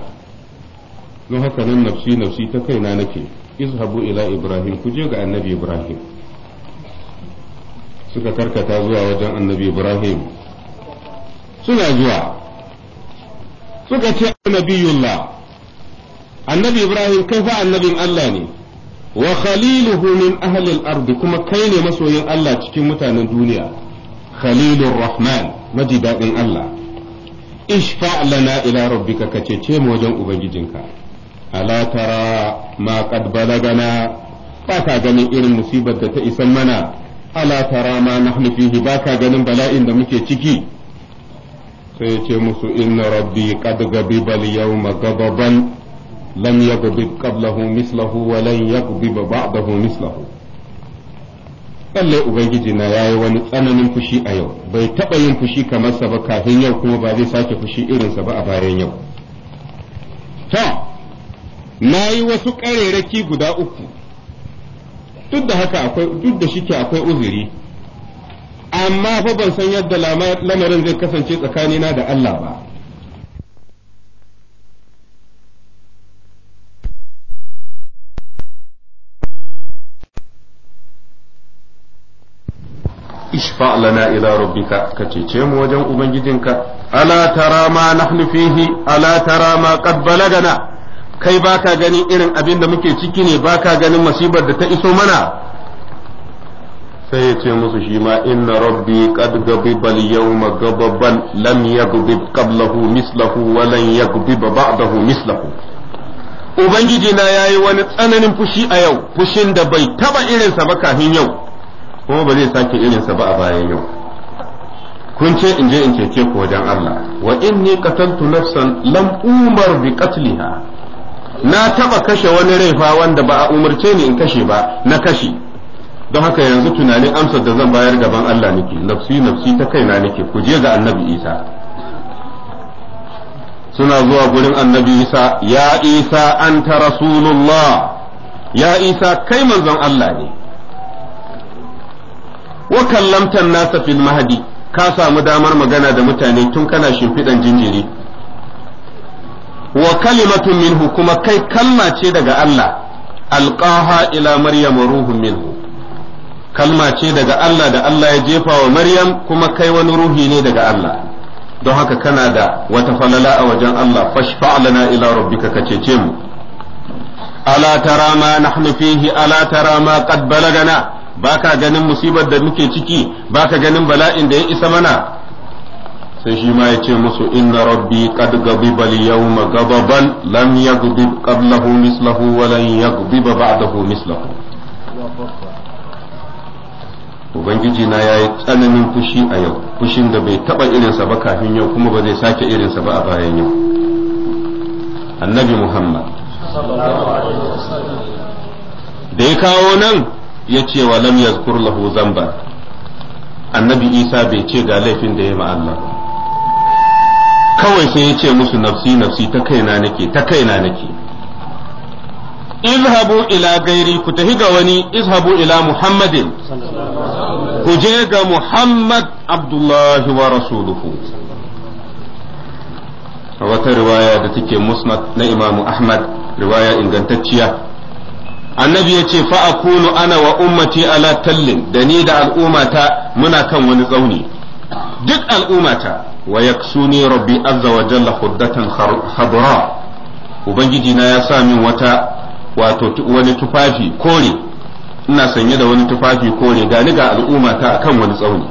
S1: don haka nan nafsi nafsi ta kaina nake izhabu ila ibrahim ku je ga annabi ibrahim suka karkata zuwa wajen annabi ibrahim suna zuwa suka ce nabiyullah annabi ibrahim kai fa annabin allah ne wa khaliluhu min ahli al-ard kuma kai ne masoyin allah cikin mutanen duniya khalilur rahman maji dadin allah ishfa lana ila rabbika ka ce-ce mu wajen ubangijinka ala tara ma qad balagana ba ganin irin musibar da ta isan mana ala tara ma nahnu fihi baka ganin bala'in da muke ciki sai ya ce musu inna rabbi qad gabiba al-yawma gababan lam yaghdib qablahu mislahu wa lan yaghdib ba'dahu mislahu lallai ubangiji na yayi wani tsananin fushi a yau bai taɓa yin fushi kamar sa ba kafin yau kuma ba zai sake fushi irinsa ba a bayan yau to na yi wasu ƙarerraki guda uku duk da haka akwai duk da shike akwai uzuri amma fa ban san yadda lamarin zai kasance tsakanina da Allah ba ishfa lana ila rabbika ka cece mu wajen ubangijinka ala tara ma nahnu fihi ala tara ma qad balagana kai baka ganin irin abin da muke ciki ne baka ganin masibar da ta iso mana sai ya ce musu shi ma inna rabbi qad ghadiba yawma ghadaban lam yaghdib qablahu mislahu wa lan yaghdib ba'dahu mislahu ubangiji na yayi wani tsananin fushi a yau fushin da bai taba irinsa ba kafin yau kuma ba zai sake irinsa ba a bayan yau kun ce in je in cece ku wajen Allah wa inni qataltu nafsan lam umar bi qatliha na taba kashe wani rai fa wanda ba a umarce ni in kashe ba na kashe don haka yanzu tunanin amsar da zan bayar gaban Allah nake nafsi nafsi ta kaina nake ku je ga annabi Isa suna zuwa gurin annabi Isa ya Isa anta rasulullah ya Isa kai manzon Allah ne wa kallamtan nasa fil mahdi ka samu damar magana da mutane tun kana shimfiɗan jinjiri wa kalimatun minhu kuma kai kalma ce daga Allah alqaha ila maryam ruhun minhu kalma ce daga Allah da Allah ya jefa wa maryam kuma kai wani ruhi ne daga Allah don haka kana da wata falala a wajen Allah fashfa' lana ila rabbika kace mu ala tara ma nahnu fihi ala tara ma qad balagana baka ganin musibar da muke ciki baka ganin bala'in da ya isa mana sai shi ma ya ce musu inna rabbi qad ghadiba al-yawma ghadaban lam yaghdib qablahu mislahu wa lan yaghdiba ba'dahu mislahu ubangiji na yayi tsananin fushi a yau fushin da bai taba sa ba kafin yau kuma ba zai sake irin sa ba a bayan yau annabi muhammad da ya kawo nan ya ce wa lam yazkur lahu zamba annabi isa bai ce ga laifin da ya ma Allah kawai sai ya ce musu nafsi nafsi ta kaina nake ta kaina nake izhabu ila gairi ku tafi ga wani izhabu ila muhammadin ku je ga muhammad abdullahi wa rasuluhu wata riwaya da take musnad na imamu ahmad riwaya ingantacciya annabi ya ce fa akunu ana wa ummati ala tallin da ni da al'ummata muna kan wani tsauni duk al'ummata wa yaksuni rabbi azza wa jalla huddatan khadra ubangiji na ya sa min wata wato wani tufafi kore ina sanye da wani tufafi kore ni ga al'ummata akan wani tsauni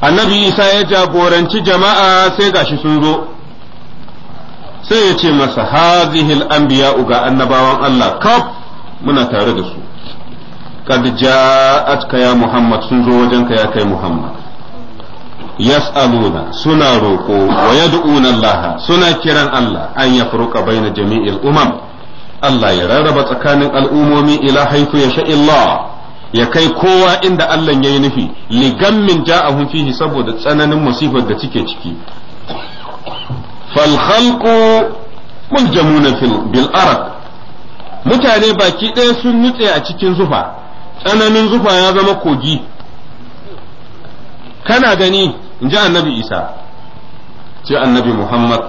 S1: annabi isa ya jagoranci jama'a sai gashi sun zo sai ya ce masa hazihil anbiya'u ga annabawan Allah kaf muna tare da su qad ja'atka ya muhammad sun zo wajenka ya kai muhammad Yas aluna suna roƙo wa yad'una Allah suna kiran Allah an ya furuka baina jami'il umam Allah ya rarraba tsakanin al'ummomi ila haifu ya sha'illah ya kai kowa inda Allah ya yi nufi ligammin ja'ahun fihi saboda tsananin musifar da suke ciki fal khalqu muljamuna bil arad mutane baki ɗaya sun nutse a cikin zufa tsananin zufa ya zama kogi kana gani in ji annabi isa ce annabi muhammad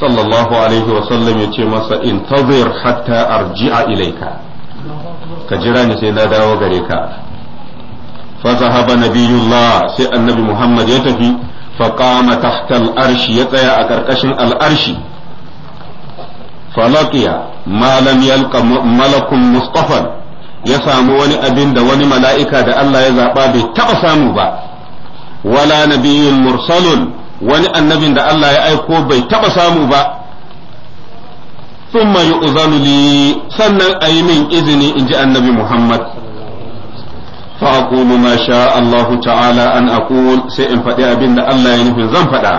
S1: sallallahu alaihi wasallam ya ce masa in tazir hatta arji'a ilaika ka jira ni sai na dawo gare ka فذهب نبي الله سي النبي محمد يتفي فقام تحت الأرش يتيا a الأرش فلقي ما لم yalka ملك مصطفى ya samu wani abin da wani mala'ika da Allah ya zaɓa bai taɓa samu ba wala nabiyyun mursalun wani annabin da Allah ya aiko bai taɓa samu ba thumma yu'zanu li sannan ayi min izini in ji annabi Muhammad fa aqulu ma sha Allah ta'ala an aqul sai in faɗi abin da Allah ya nufin zan faɗa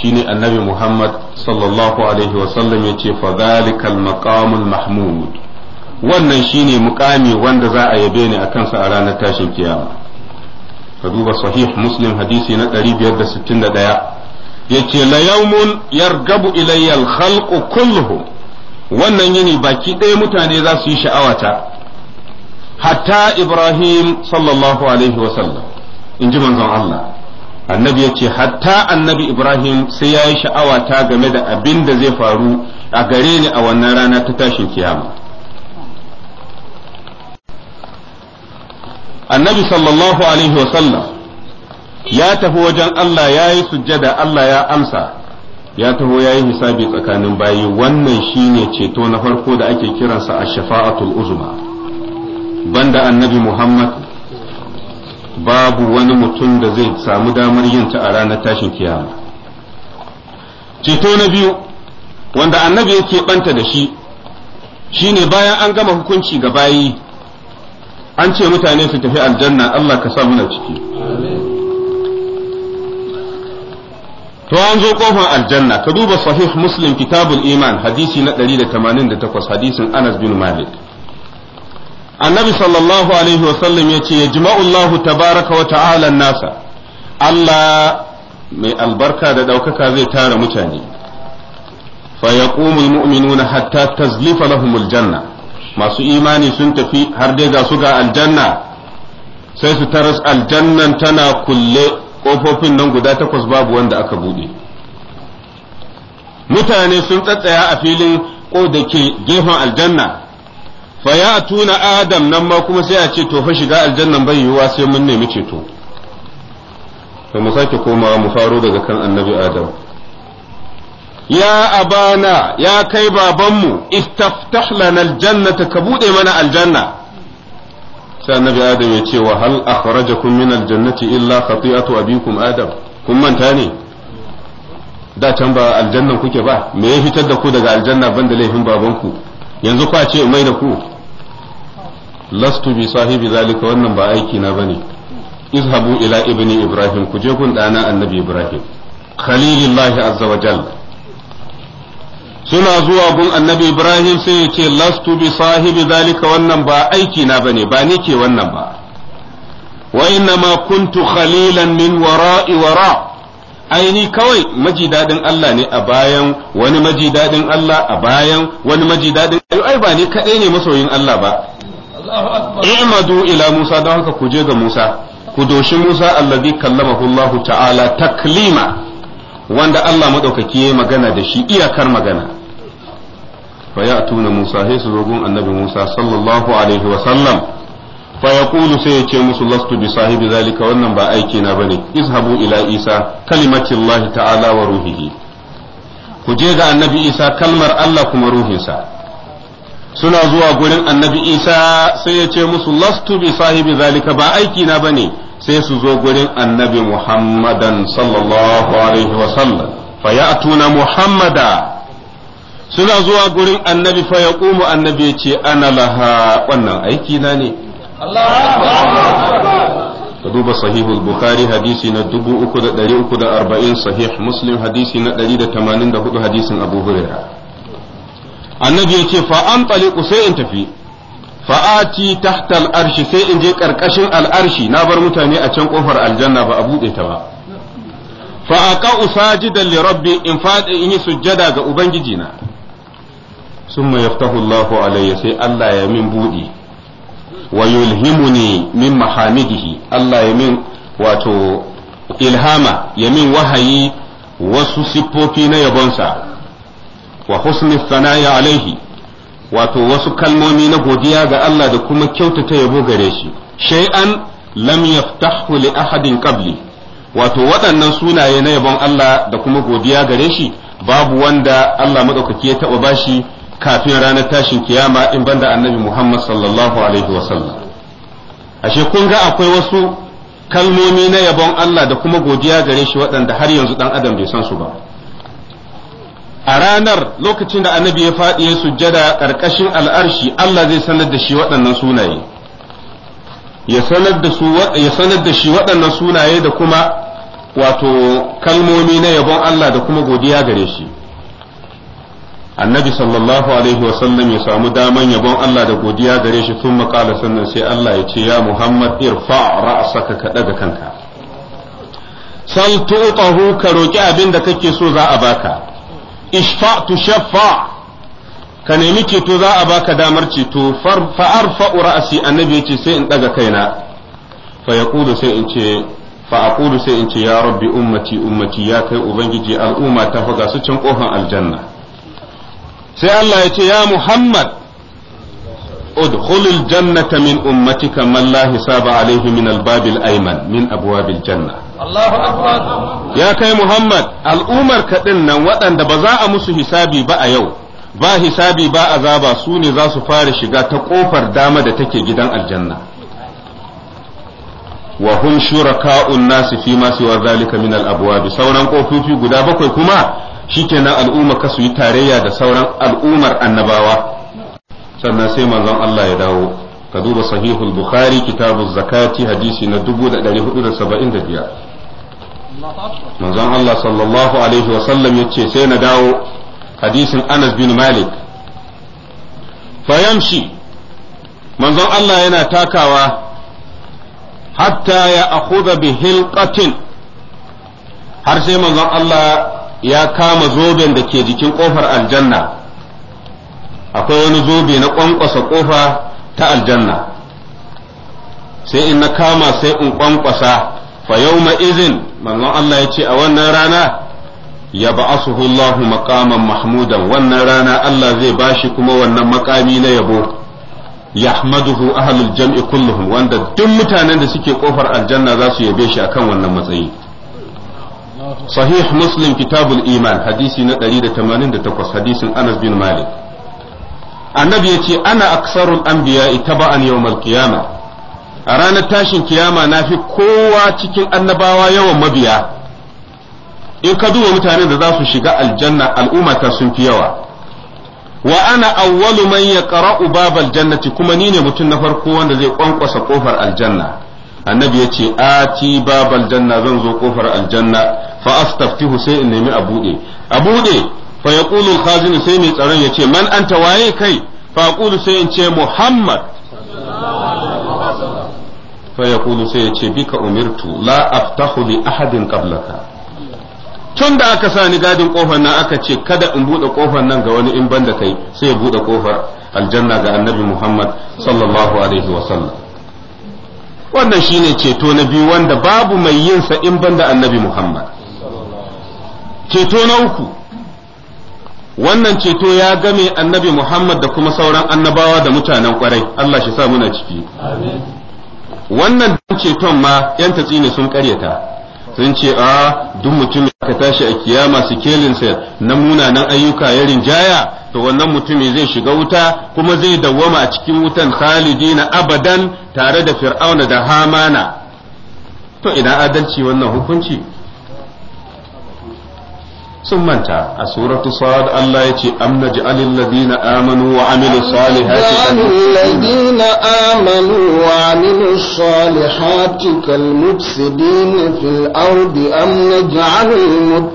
S1: shine annabi Muhammad sallallahu alaihi wa sallam yace fa zalikal maqamul mahmud wannan shine mukami wanda za a yabe ni a kansa a ranar tashin kiyama ka duba sahih muslim hadisi na 561 yace la yawmun yargabu ilayya al-khalqu kulluhum wannan yini baki ɗaya mutane za su yi sha'awata hatta ibrahim sallallahu alaihi wasallam in ji manzon Allah annabi ya ce hatta annabi ibrahim sai ya yi sha'awata game da abin da zai faru a gare ni a wannan rana ta tashin kiyama annabi sallallahu alaihi wasallam ya tafi wajen Allah ya yi sujjada Allah ya amsa ya taho ya yi hisabi tsakanin bayi wannan shine ceto na farko da ake kiransa a shafa'atul uzma banda annabi muhammad babu wani mutum da zai samu damar yin ta a ranar tashin kiyama ceto na biyu wanda annabi yake banta da shi shine bayan an gama hukunci ga bayi an ce mutane su tafi aljanna Allah ka sa muna ciki to an zo kofar aljanna ka duba sahih muslim kitabul iman hadisi na 188 hadisin Anas bin Malik annabi sallallahu alaihi wasallam ya ce yajma'u Allah tabaraka wa ta'ala nasa Allah mai albarka da daukaka zai tara mutane fa yaqumul mu'minuna hatta tazlifa lahumul janna masu imani sun tafi har dai ga su ga aljanna sai su taras aljannan tana kulle ƙofofin nan guda takwas babu wanda aka buɗe mutane sun tsatsaya a filin ko da ke gefen aljanna fa ya tuna adam nan ma kuma sai a ce to fa shiga aljannan bai yiwuwa sai mun nemi ceto to mu sake komawa mu faro daga kan annabi adam ya abana ya kai babanmu istaftah lana aljannata ka buɗe mana aljanna sai annabi adam ya ce wa hal akhrajakum min aljannati illa khati'atu abikum adam kun manta ne da can ba aljannan kuke ba me ya fitar da ku daga aljanna banda laifin babanku yanzu kwa ce mai da ku lastu bi sahibi zalika wannan ba aiki na bane izhabu ila ibni ibrahim ku je annabi ibrahim Khalilillahi azza suna zuwa gun annabi Ibrahim sai ya ce lastu bi sahibi zalika wannan ba aiki na bane ba ni ke wannan ba wa inna kuntu khalilan min wara'i wara aini kawai maji dadin Allah ne a bayan wani maji dadin Allah a bayan wani maji dadin ai ba ni kadai ne masoyin Allah ba i'madu ila Musa don haka ku je ga Musa ku doshi Musa allazi kallamahu Allah ta'ala taklima wanda Allah maɗaukaki ya magana da shi iyakar magana fa ya'tuna Musa sai su zo gun annabi Musa sallallahu alaihi wa sallam fa yaqulu sai yace musu lastu bi zalika wannan ba aiki na bane izhabu ila Isa kalimati Allah ta'ala wa ruhi ku je ga annabi Isa kalmar Allah kuma ruhinsa suna zuwa gurin annabi Isa sai yace musu lastu bi sahibi zalika ba aiki na bane sai su zo gurin annabi Muhammadan sallallahu alaihi wa sallam fa ya'tuna Muhammada suna zuwa gurin annabi fa ya ƙumu annabi ya ce ana laha wannan aiki na ne ka duba sahihul bukhari hadisi na 3,340 sahih muslim hadisi na 184 hadisin abu hurera annabi ya ce fa an sai in tafi fa'ati tahta al'arshi sai in je ƙarƙashin al'arshi na bar mutane a can ƙofar aljanna ba a buɗe ta ba fa'aƙa usaji li in faɗi in yi sujjada ga ubangijina summa yaftahu Allahu alayya sai Allah ya min budi wa yulhimuni min mahamidihi Allah ya min wato ilhama ya min wahayi wasu siffofi na yabonsa wa husni sanaya alaihi wato wasu kalmomi na godiya ga Allah da kuma kyautata yabo gare shi shay'an lam yaftahu li ahadin qabli wato waɗannan sunaye na yabon Allah da kuma godiya gare shi babu wanda Allah madaukaki ya taɓa bashi kafin ranar tashin kiyama in banda annabi Muhammad sallallahu alaihi wasallam ashe kun ga akwai wasu kalmomi na yabon Allah da kuma godiya gare shi waɗanda har yanzu ɗan adam bai san su ba a ranar lokacin da annabi ya faɗi ya sujjada ƙarƙashin al'arshi Allah zai sanar da shi waɗannan sunaye ya sanar da shi waɗannan sunaye da kuma wato kalmomi na yabon Allah da kuma godiya gare shi annabi sallallahu alaihi wasallam ya samu daman yabon Allah da godiya gare shi sun makala sannan sai Allah ya ce ya Muhammad irfa ra'saka ka daga kanka sal tuqahu ka roki abin da kake so za a baka ishfa tushaffa ka nemi ceto za a baka damar ceto fa arfa ra'si annabi yace sai in daga kaina fa yaqulu sai in ce fa aqulu sai in ce ya rabbi ummati ummati ya kai ubangiji al'umma ta faga su can kofan aljanna sai Allah ya ce ya Muhammad udkhulul jannata min ummati man la hisaba alaihi min albabil ayman min abwabil janna ya kai Muhammad al'ummar ka nan waɗanda ba za a musu hisabi ba a yau ba hisabi ba a zaba su ne za su fara shiga ta kofar dama da take gidan aljanna wa hum shuraka'un nas fi ma siwa zalika min al-abwab sauran kofofi guda bakwai kuma shikenan al'umma ka su yi tarayya da sauran al'ummar annabawa sannan sai manzon Allah ya dawo ka duba sahihul bukhari kitabuz zakati hadisi na 1475 manzon Allah sallallahu alaihi wa sallam yace sai na dawo hadisin Anas bin Malik fayamshi manzon Allah yana takawa hatta ya akhudha bi hilqatin har sai manzon Allah ya kama zoben da ke jikin ƙofar aljanna akwai wani zobe na ƙwanƙwasa ƙofa ta aljanna sai in na kama sai in ƙwanƙwasa fa yau izin manzon Allah ya ce a wannan rana ya ba'asuhu Allah maqaman mahmudan wannan rana Allah zai bashi kuma wannan makami na yabo yahmaduhu ahlul jam'i kulluhum wanda duk mutanen da suke kofar aljanna za su yabe shi akan wannan matsayi sahih muslim kitabul iman hadisi na 188 hadisin anas bin malik annabi ya ce ana aksarul anbiya taba'an yawmal qiyama a ranar tashin kiyama na fi kowa cikin annabawa yawan mabiya in ka duba mutanen da za su shiga aljanna al'ummata sun fi yawa wa ana awwalu man yaqra'u babal jannati kuma ni ne mutum na farko wanda zai kwankwasa ƙofar aljanna annabi ya ce ati babal janna zan zo kofar aljanna fa astaftihu sai in nemi a buɗe a buɗe fa yaqulu al sai mai tsaron ya ce man anta waye kai fa aqulu sai in ce muhammad fa yaqulu sai ya ce bika umirtu la aftahu li ahadin qablaka tun da aka sa ni gadin kofar nan aka ce kada in buɗe kofar nan ga wani in banda kai sai ya buɗe kofar aljanna ga annabi muhammad sallallahu alaihi wa sallam wannan shine ceto na biyu wanda babu mai yin sa in banda annabi Muhammad ceto na uku wannan ceto ya game annabi Muhammad da kuma sauran annabawa da mutanen kwarai Allah shi sa muna ciki wannan ceton ma yan tatsi ne sun karyata sun ce a duk mutumin ka tashi a kiyama su kelinsa na munanan ayyuka ya rinjaya to wannan mutumi zai shiga wuta kuma zai dawwama a cikin wutan khalidi na abadan tare da fir'auna da hamana to idan adalci wannan hukunci sun manta a suratu sa'ad Allah ya ce am naj'alil ladina amanu wa amilu salihati ladina
S3: amanu الصالحات كالمفسدين في baraka أم ala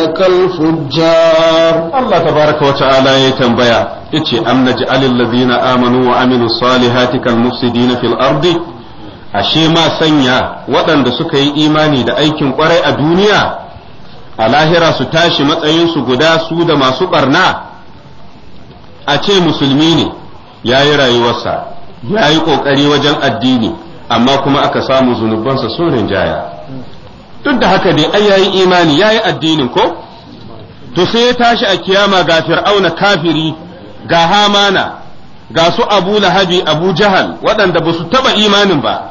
S3: ya
S1: كالفجار الله تبارك وتعالى يتنبيا إتي أم نجعل الذين آمنوا وعملوا الصالحات كالمفسدين في الأرض ashe ma sanya waɗanda suka yi imani da aikin kwarai a duniya a lahira su tashi matsayinsu guda su da masu ɓarna a ce musulmi ne ya yi rayuwarsa ya yi ƙoƙari wajen addini amma kuma aka samu zunubansa sun rinjaya duk da haka dai ai yayi imani yayi addinin ko to sai ya tashi a kiyama ga fir'auna kafiri ga hamana ga su abu lahabi abu jahal waɗanda ba su taɓa imanin ba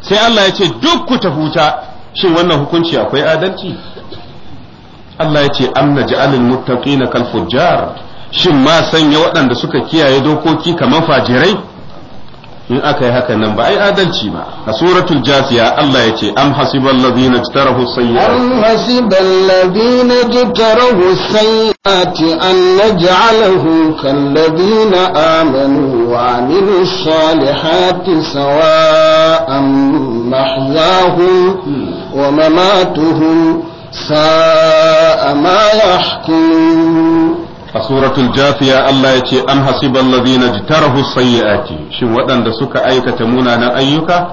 S1: sai Allah ya ce duk ku ta huta shin wannan hukunci akwai adalci Allah ya ce am naj'alul muttaqina kal fujjar shin ma sanya waɗanda suka kiyaye dokoki kamar fajirai in aka yi hakan nan ba ai adalci ba a suratul jasiya Allah ya ce am hasibal ladina jtarahu sayyi'at am
S3: hasibal ladina jtarahu sayyi'at an naj'alahu kal ladina amanu wa amilus salihati sawa'an mahyahum wa mamatuhum sa'a ma yahkumun
S1: a suratul jafiya Allah ya ce an hasiban ladina jitarahu sayyi'ati shin waɗanda suka aikata munanan ayyuka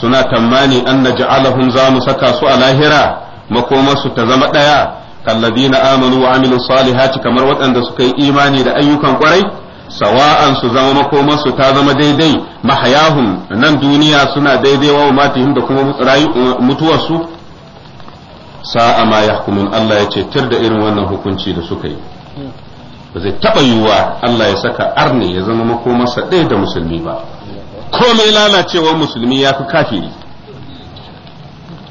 S1: suna tammani an naj'alahum za mu saka su a lahira makomarsu ta zama ɗaya kalladina amanu wa amilu salihati kamar waɗanda suka yi imani da ayyukan kwarai sawa'an su zama makomarsu ta zama daidai mahayahum nan duniya suna daidai wa matihim da kuma mutuwarsu sa'a ma yahkumun Allah ya ce tir da irin wannan hukunci da suka yi ba zai taɓa yiwuwa Allah ya saka arni ya zama makomarsa ɗaya da musulmi ba komai lalacewar musulmi ya fi kafiri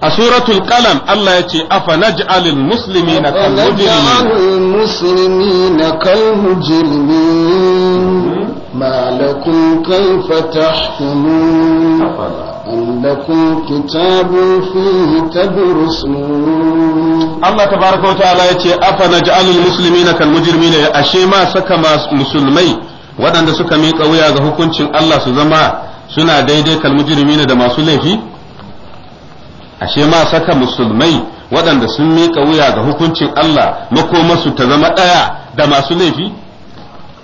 S1: a suratul qalam Allah ya ce afa naj'alil muslimina kal
S3: mujrimin kal mujrimin ma lakum kayfa tahkumun عندكم
S1: كتاب فيه تدرسون الله تبارك وتعالى يتي أفنجعل المسلمين كالمجرمين أشي ما سكما مسلمي waɗanda suka miƙa wuya ga hukuncin Allah su zama suna daidai kalmujirmina da masu laifi ashe ma saka musulmai waɗanda sun miƙa wuya ga hukuncin Allah makomarsu ta zama ɗaya da masu laifi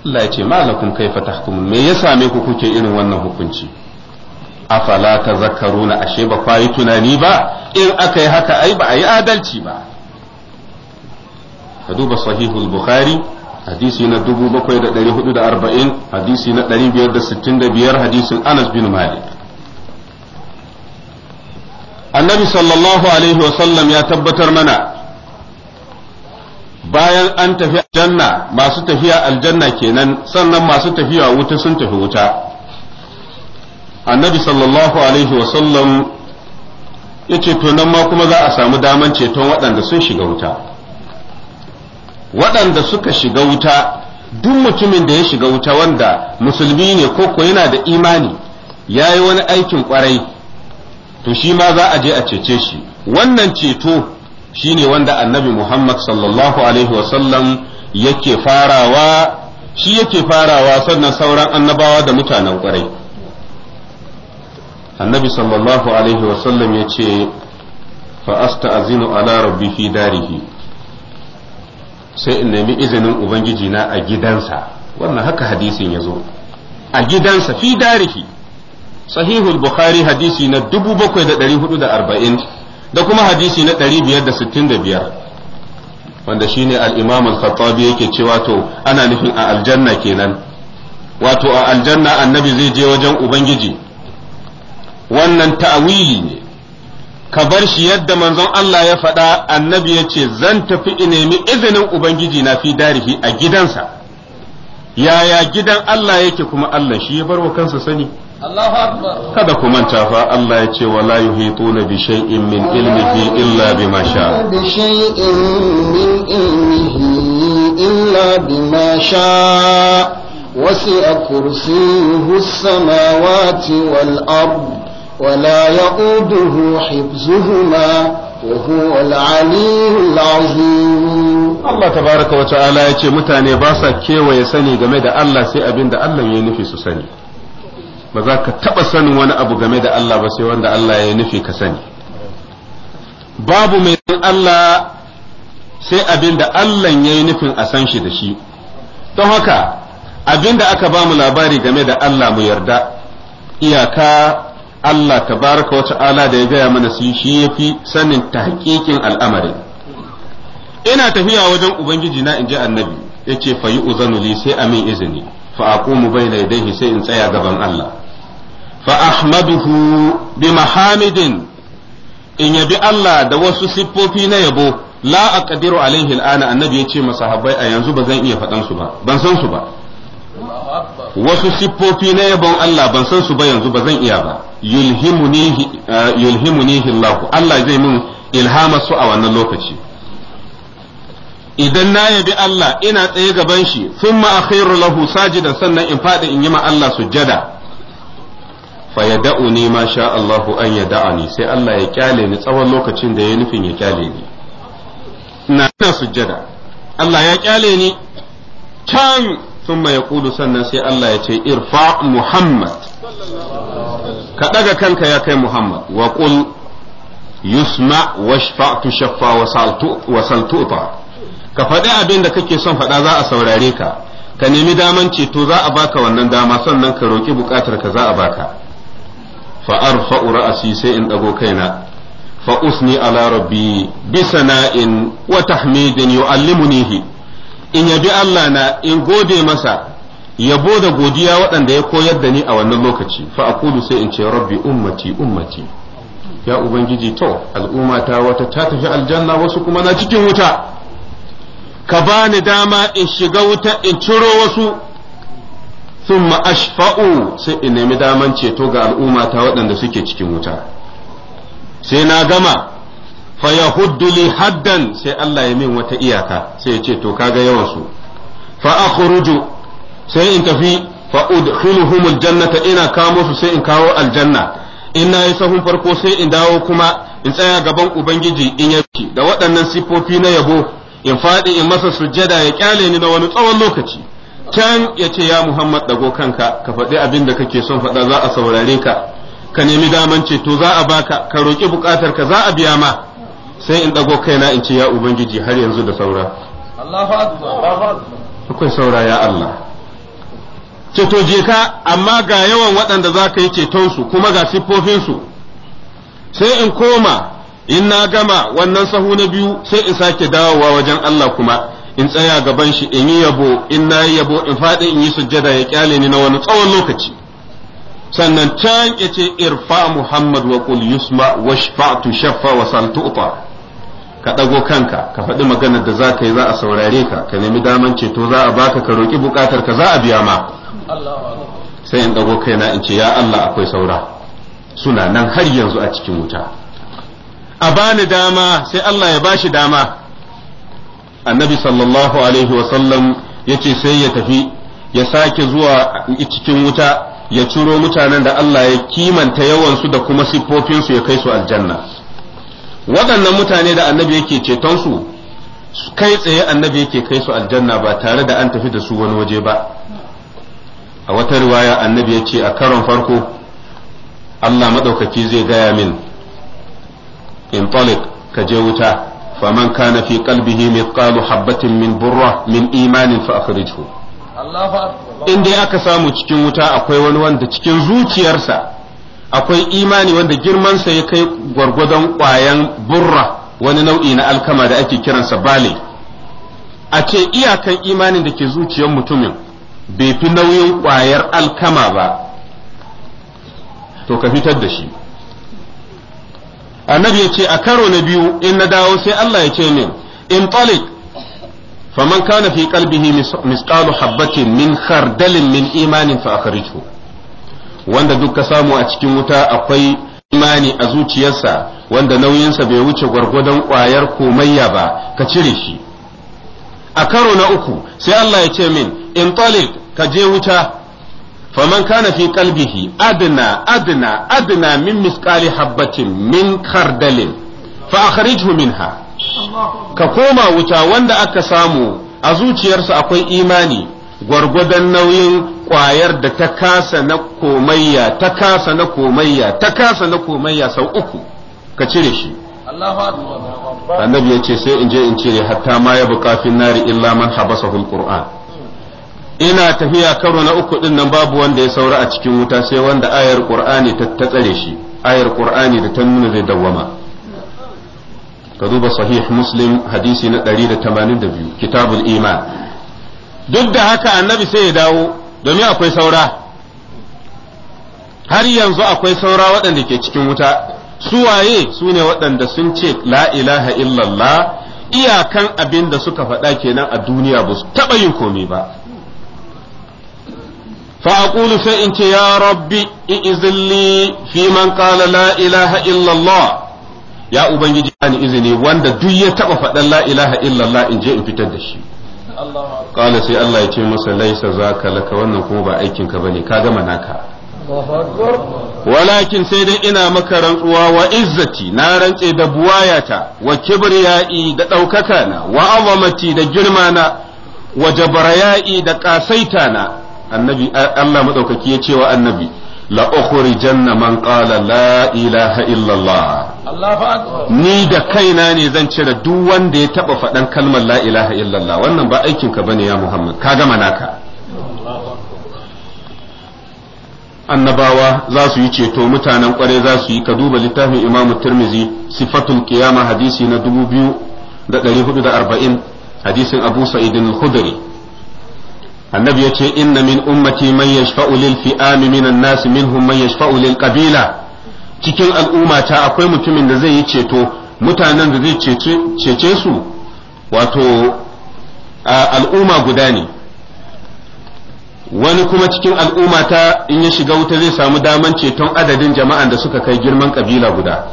S1: Allah ya ce malakum kaifa tahkumun me ya same ku kuke irin wannan hukunci afala ta zakaruna ashe ba kwayi tunani ba in aka yi haka ai ba a yi adalci ba ka duba sahihul bukhari hadisi na 7440 hadisi na 565 hadisin anas bin malik annabi sallallahu alaihi wasallam ya tabbatar mana bayan an tafi aljanna masu tafiya aljanna kenan sannan masu tafiya wuta sun tafi wuta annabi sallallahu alaihi sallam ya ce to nan ma kuma za a samu daman ceton waɗanda sun shiga wuta waɗanda suka shiga wuta duk mutumin da ya shiga wuta wanda musulmi ne ko ko yana da imani ya yi wani aikin kwarai to shi ma za a je a cece shi wannan ceto shine wanda annabi muhammad sallallahu alaihi wasallam yake farawa shi yake farawa sannan sauran annabawa da mutanen kwarai annabi sallallahu alaihi wasallam ya ce fa'asta azinu ala rabbi fi darihi sai in nemi izinin ubangiji na a gidansa wannan haka hadisin ya zo a gidansa fi darihi sahihul bukhari hadisi na 7440 da kuma hadisi na 565 wanda shine al-imam al-khattabi yake cewa to ana nufin a aljanna kenan wato a aljanna annabi zai je wajen ubangiji wannan ta'awili ne ka bar shi yadda manzon Allah ya faɗa annabi ya ce zan tafi in nemi izinin ubangiji na fi darihi a gidansa yaya gidan Allah yake kuma Allah shi ya bar wa kansa sani
S3: kada ku manta
S1: fa Allah ya ce wala yuhituna bi shay'in min ilmihi illa bima sha
S3: bi shay'in min ilmihi illa bima sha wasi'a samawati wal ardh ولا يقوده حفظهما وهو العلي العظيم
S1: الله تبارك وتعالى yace mutane ba sa kewaye sani game da Allah sai ينفي سساني Allah ya nufi su sani ba za ka الله sanin wani abu game da babu mai Allah sai abin da Allah ya yi nufin a san shi da shi don haka abin da aka ba mu labari game da Allah mu yarda iyaka Allah tabaraka ala da ya gaya mana su shi ya fi sanin tahqiqin al'amari ina tafiya wajen ubangiji na in ji annabi ya ce fa yi uzanu li sai amin izini fa aqumu bayna yadayhi sai in tsaya gaban Allah fa ahmaduhu bi mahamidin in yabi Allah da wasu siffofi na yabo la aqdiru alaihi al'ana annabi ya ce masahabbai a yanzu ba zan iya faɗan su ba ban san su ba wasu siffofi na yabon Allah ban san su ba yanzu ba zan iya ba yulhimuni Allah eh, Allah zai mun ilhama su a wannan lokaci idan na yabi Allah ina tsaye gaban shi sun ma akhairu lahu sajida sannan in faɗi in yi ma Allah sujjada fa ni ma sha Allah an yada'ani sai Allah ya kyale ni tsawon lokacin da ya nufin ya kyale ni ina sujjada Allah ya kyale ni can ثم يقول سنة سي الله يتي ارفع محمد كدغ كانك يا كي محمد وقل يسمع واشفع تشفع وصل تؤطى كفدي أبين دا كي سن فدا ذا أسوراريك كنمي دامن تو ذا أباك ونن داما سنن كروكي بكاتر كذا أباك فأرفع رأسي سي إن أبو كينا فأثني على ربي بسناء وتحميد يعلمنيه in yabi Allah na in gode masa yabo da godiya waɗanda ya koyar da ni a wannan lokaci fa aqulu sai in ce rabbi ummati ummati ya ubangiji to al'umma ta wata ta tafi aljanna wasu kuma na cikin wuta ka bani dama in shiga wuta in ciro wasu thumma ashfa'u sai in nemi daman ceto ga al'umma ta waɗanda suke cikin wuta sai na gama fa haddan sai Allah ya min wata iyaka sai ya ce to kaga yawan su fa akhruju sai in tafi fa udkhiluhum aljannata ina kamo su sai in kawo aljanna in na yi sahun farko sai in dawo kuma in tsaya gaban ubangiji in yaki da waɗannan sifofi na yabo in faɗi in masa sujjada ya kyale ni na wani tsawon lokaci can ya ce ya Muhammad dago kanka ka faɗi abin da kake son faɗa za a saurare ka ka nemi daman ceto za a baka ka roƙi buƙatar ka za a biya ma sai in ɗago kaina in ce ya ubangiji har yanzu da saura akwai saura ya Allah ceto je ka amma ga yawan waɗanda za ka yi cetonsu kuma ga siffofinsu sai in koma in na gama wannan sahu na biyu sai in sake dawowa wajen Allah kuma in tsaya gaban shi in yi yabo in na yi yabo in faɗi in yi sujjada ya kyale ni na wani tsawon lokaci sannan can ya ce irfa muhammad wa qul yusma wa tu wa sal ka ɗago kanka ka faɗi maganar da za ka yi za a saurare ka ka nemi daman ceto za a baka ka roƙi buƙatar ka za a biya ma sai in ɗago kaina in ce ya Allah akwai saura suna nan har yanzu a cikin wuta a bani dama sai Allah ya bashi dama annabi sallallahu alaihi wasallam ya ce sai ya tafi ya sake zuwa cikin wuta ya ciro mutanen da Allah ya kimanta yawansu da kuma siffofinsu ya kai su aljanna waɗannan mutane da annabi yake ceton su kai tsaye annabi yake kai su aljanna ba tare da an tafi da su wani waje ba a wata riwaya annabi ya ce a karon farko Allah maɗaukaki zai gaya min in talik ka je wuta faman kana fi kalbihi mai mithqalu habbatin min burra min imanin fa akhrijhu in dai aka samu cikin wuta akwai wani wanda cikin zuciyarsa akwai imani wanda girmansa ya kai gwargwadon ƙwayan burra wani nau'i na alkama da ake kiransa bale a ce iyakan imanin da ke zuciyar mutumin bai fi nauyin ƙwayar alkama ba to ka fitar da shi annabi ya ce a karo na biyu in na dawo sai Allah ya ce min in talik faman kana fi kalbihi misqalu habatin min khardalin min imanin fa akhrijhu wanda duk ka samu a cikin wuta akwai imani a zuciyarsa wanda nauyinsa bai wuce gwargwadon ƙwayar komayya ba ka cire shi a karo na uku sai Allah ya ce min in talik ka je wuta faman kana fi qalbihi adna adna adna min misqali habbatin min khardalin fa akhrijhu minha ka koma wuta wanda aka samu a zuciyarsa akwai imani gwargwadon nauyin Kwayar da ta kasa na komayya ta kasa na komayya ta kasa na komayya sau uku ka cire shi annabi ya ce sai in je in cire hatta ma ya bukafin nari illa man habasahu alquran ina tafiya karo na uku din nan babu wanda ya saura a cikin wuta sai wanda ayar qur'ani ta tsare shi ayar qur'ani da ta nuna zai dawwama ka duba sahih muslim hadisi na 182 kitabul iman duk da haka annabi sai ya dawo domin akwai saura har yanzu akwai saura waɗanda ke cikin wuta suwaye su ne waɗanda sun ce la ilaha illallah iyakan abin da suka faɗa kenan a duniya ba su taɓa yin komi ba fa sai in ce ya rabbi izilli fi man la ilaha illallah ya ubangiji ni izini wanda duk ya taɓa faɗan la ilaha illallah in je in fitar da shi qala sai Allah ya ce masa laisa zaka laka wannan kuma ba aikin ka bane ka gama naka walakin sai dai ina maka rantsuwa wa izzati na rantse da buwayata wa kibriya'i da ɗaukaka na wa azamati da girma na wa jabraya'i da ƙasaita na annabi Allah madaukaki ya ce wa annabi la ukhrijanna man qala la ilaha illallah ni da kaina ne zan cire duk wanda ya taba faɗan kalmar la ilaha illallah wannan ba aikin ka bane ya Muhammad ka gama naka annabawa za su yi ceto mutanen kware za su yi ka duba littafin Imam Tirmidhi sifatul qiyama hadisi na 2440 hadisin Abu Sa'id al-Khudri annabi ya ce inna min ummati man yashfa'u lil fi'ami minan nas minhum man yashfa'u lil qabila cikin al'umma ta akwai mutumin da zai yi ceto mutanen da zai cece su wato al'umma guda ne wani kuma cikin al'umma ta in ya shiga wuta zai samu daman ceton adadin jama'an da suka kai girman kabila guda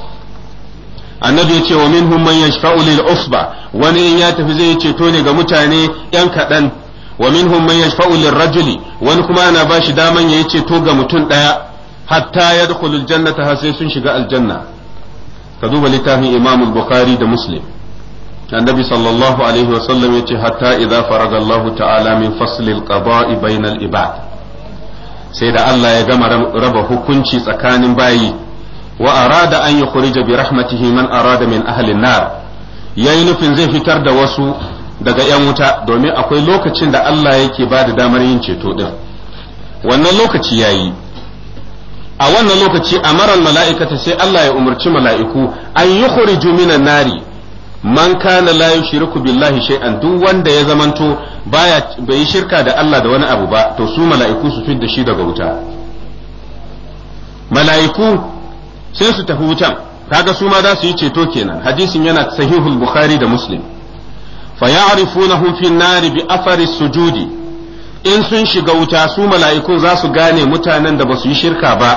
S1: annabi ya ce wa minhum man yashfa'u lil usba wani in ya tafi zai ceto ne ga mutane yan kaɗan wa minhum man yashfa'u lirrajuli wani kuma ana ba shi daman yi ceto ga mutum daya hatta yadkhulu aljannata har sai sun shiga aljanna ka duba littafin Imam Bukhari da Muslim annabi sallallahu alaihi wasallam yace hatta idza faraga ta'ala min faslil qada'i bainal ibad sai da Allah ya gama raba hukunci tsakanin bayi wa da an yukhrija bi rahmatihi man arada min ahli an-nar yayi nufin zai fitar da wasu daga 'yan wuta domin akwai lokacin da Allah yake ba da damar yin ceto ɗin wannan lokaci ya yi a wannan lokaci a marar mala'ikata sai Allah ya umarci mala'iku an yi khuriju juminan nari man kana la yushriku billahi shay'an duk wanda ya zamanto baya bai shirka da Allah da wani abu ba to su mala'iku su da shi daga wuta mala'iku sai su tafi wutan kaga su ma za su yi ceto kenan hadisin yana sahihul bukhari da muslim fa ya'rifunahum fi nari bi athari sujudi in sun shiga wuta su mala'iku za su gane mutanen da ba su yi shirka ba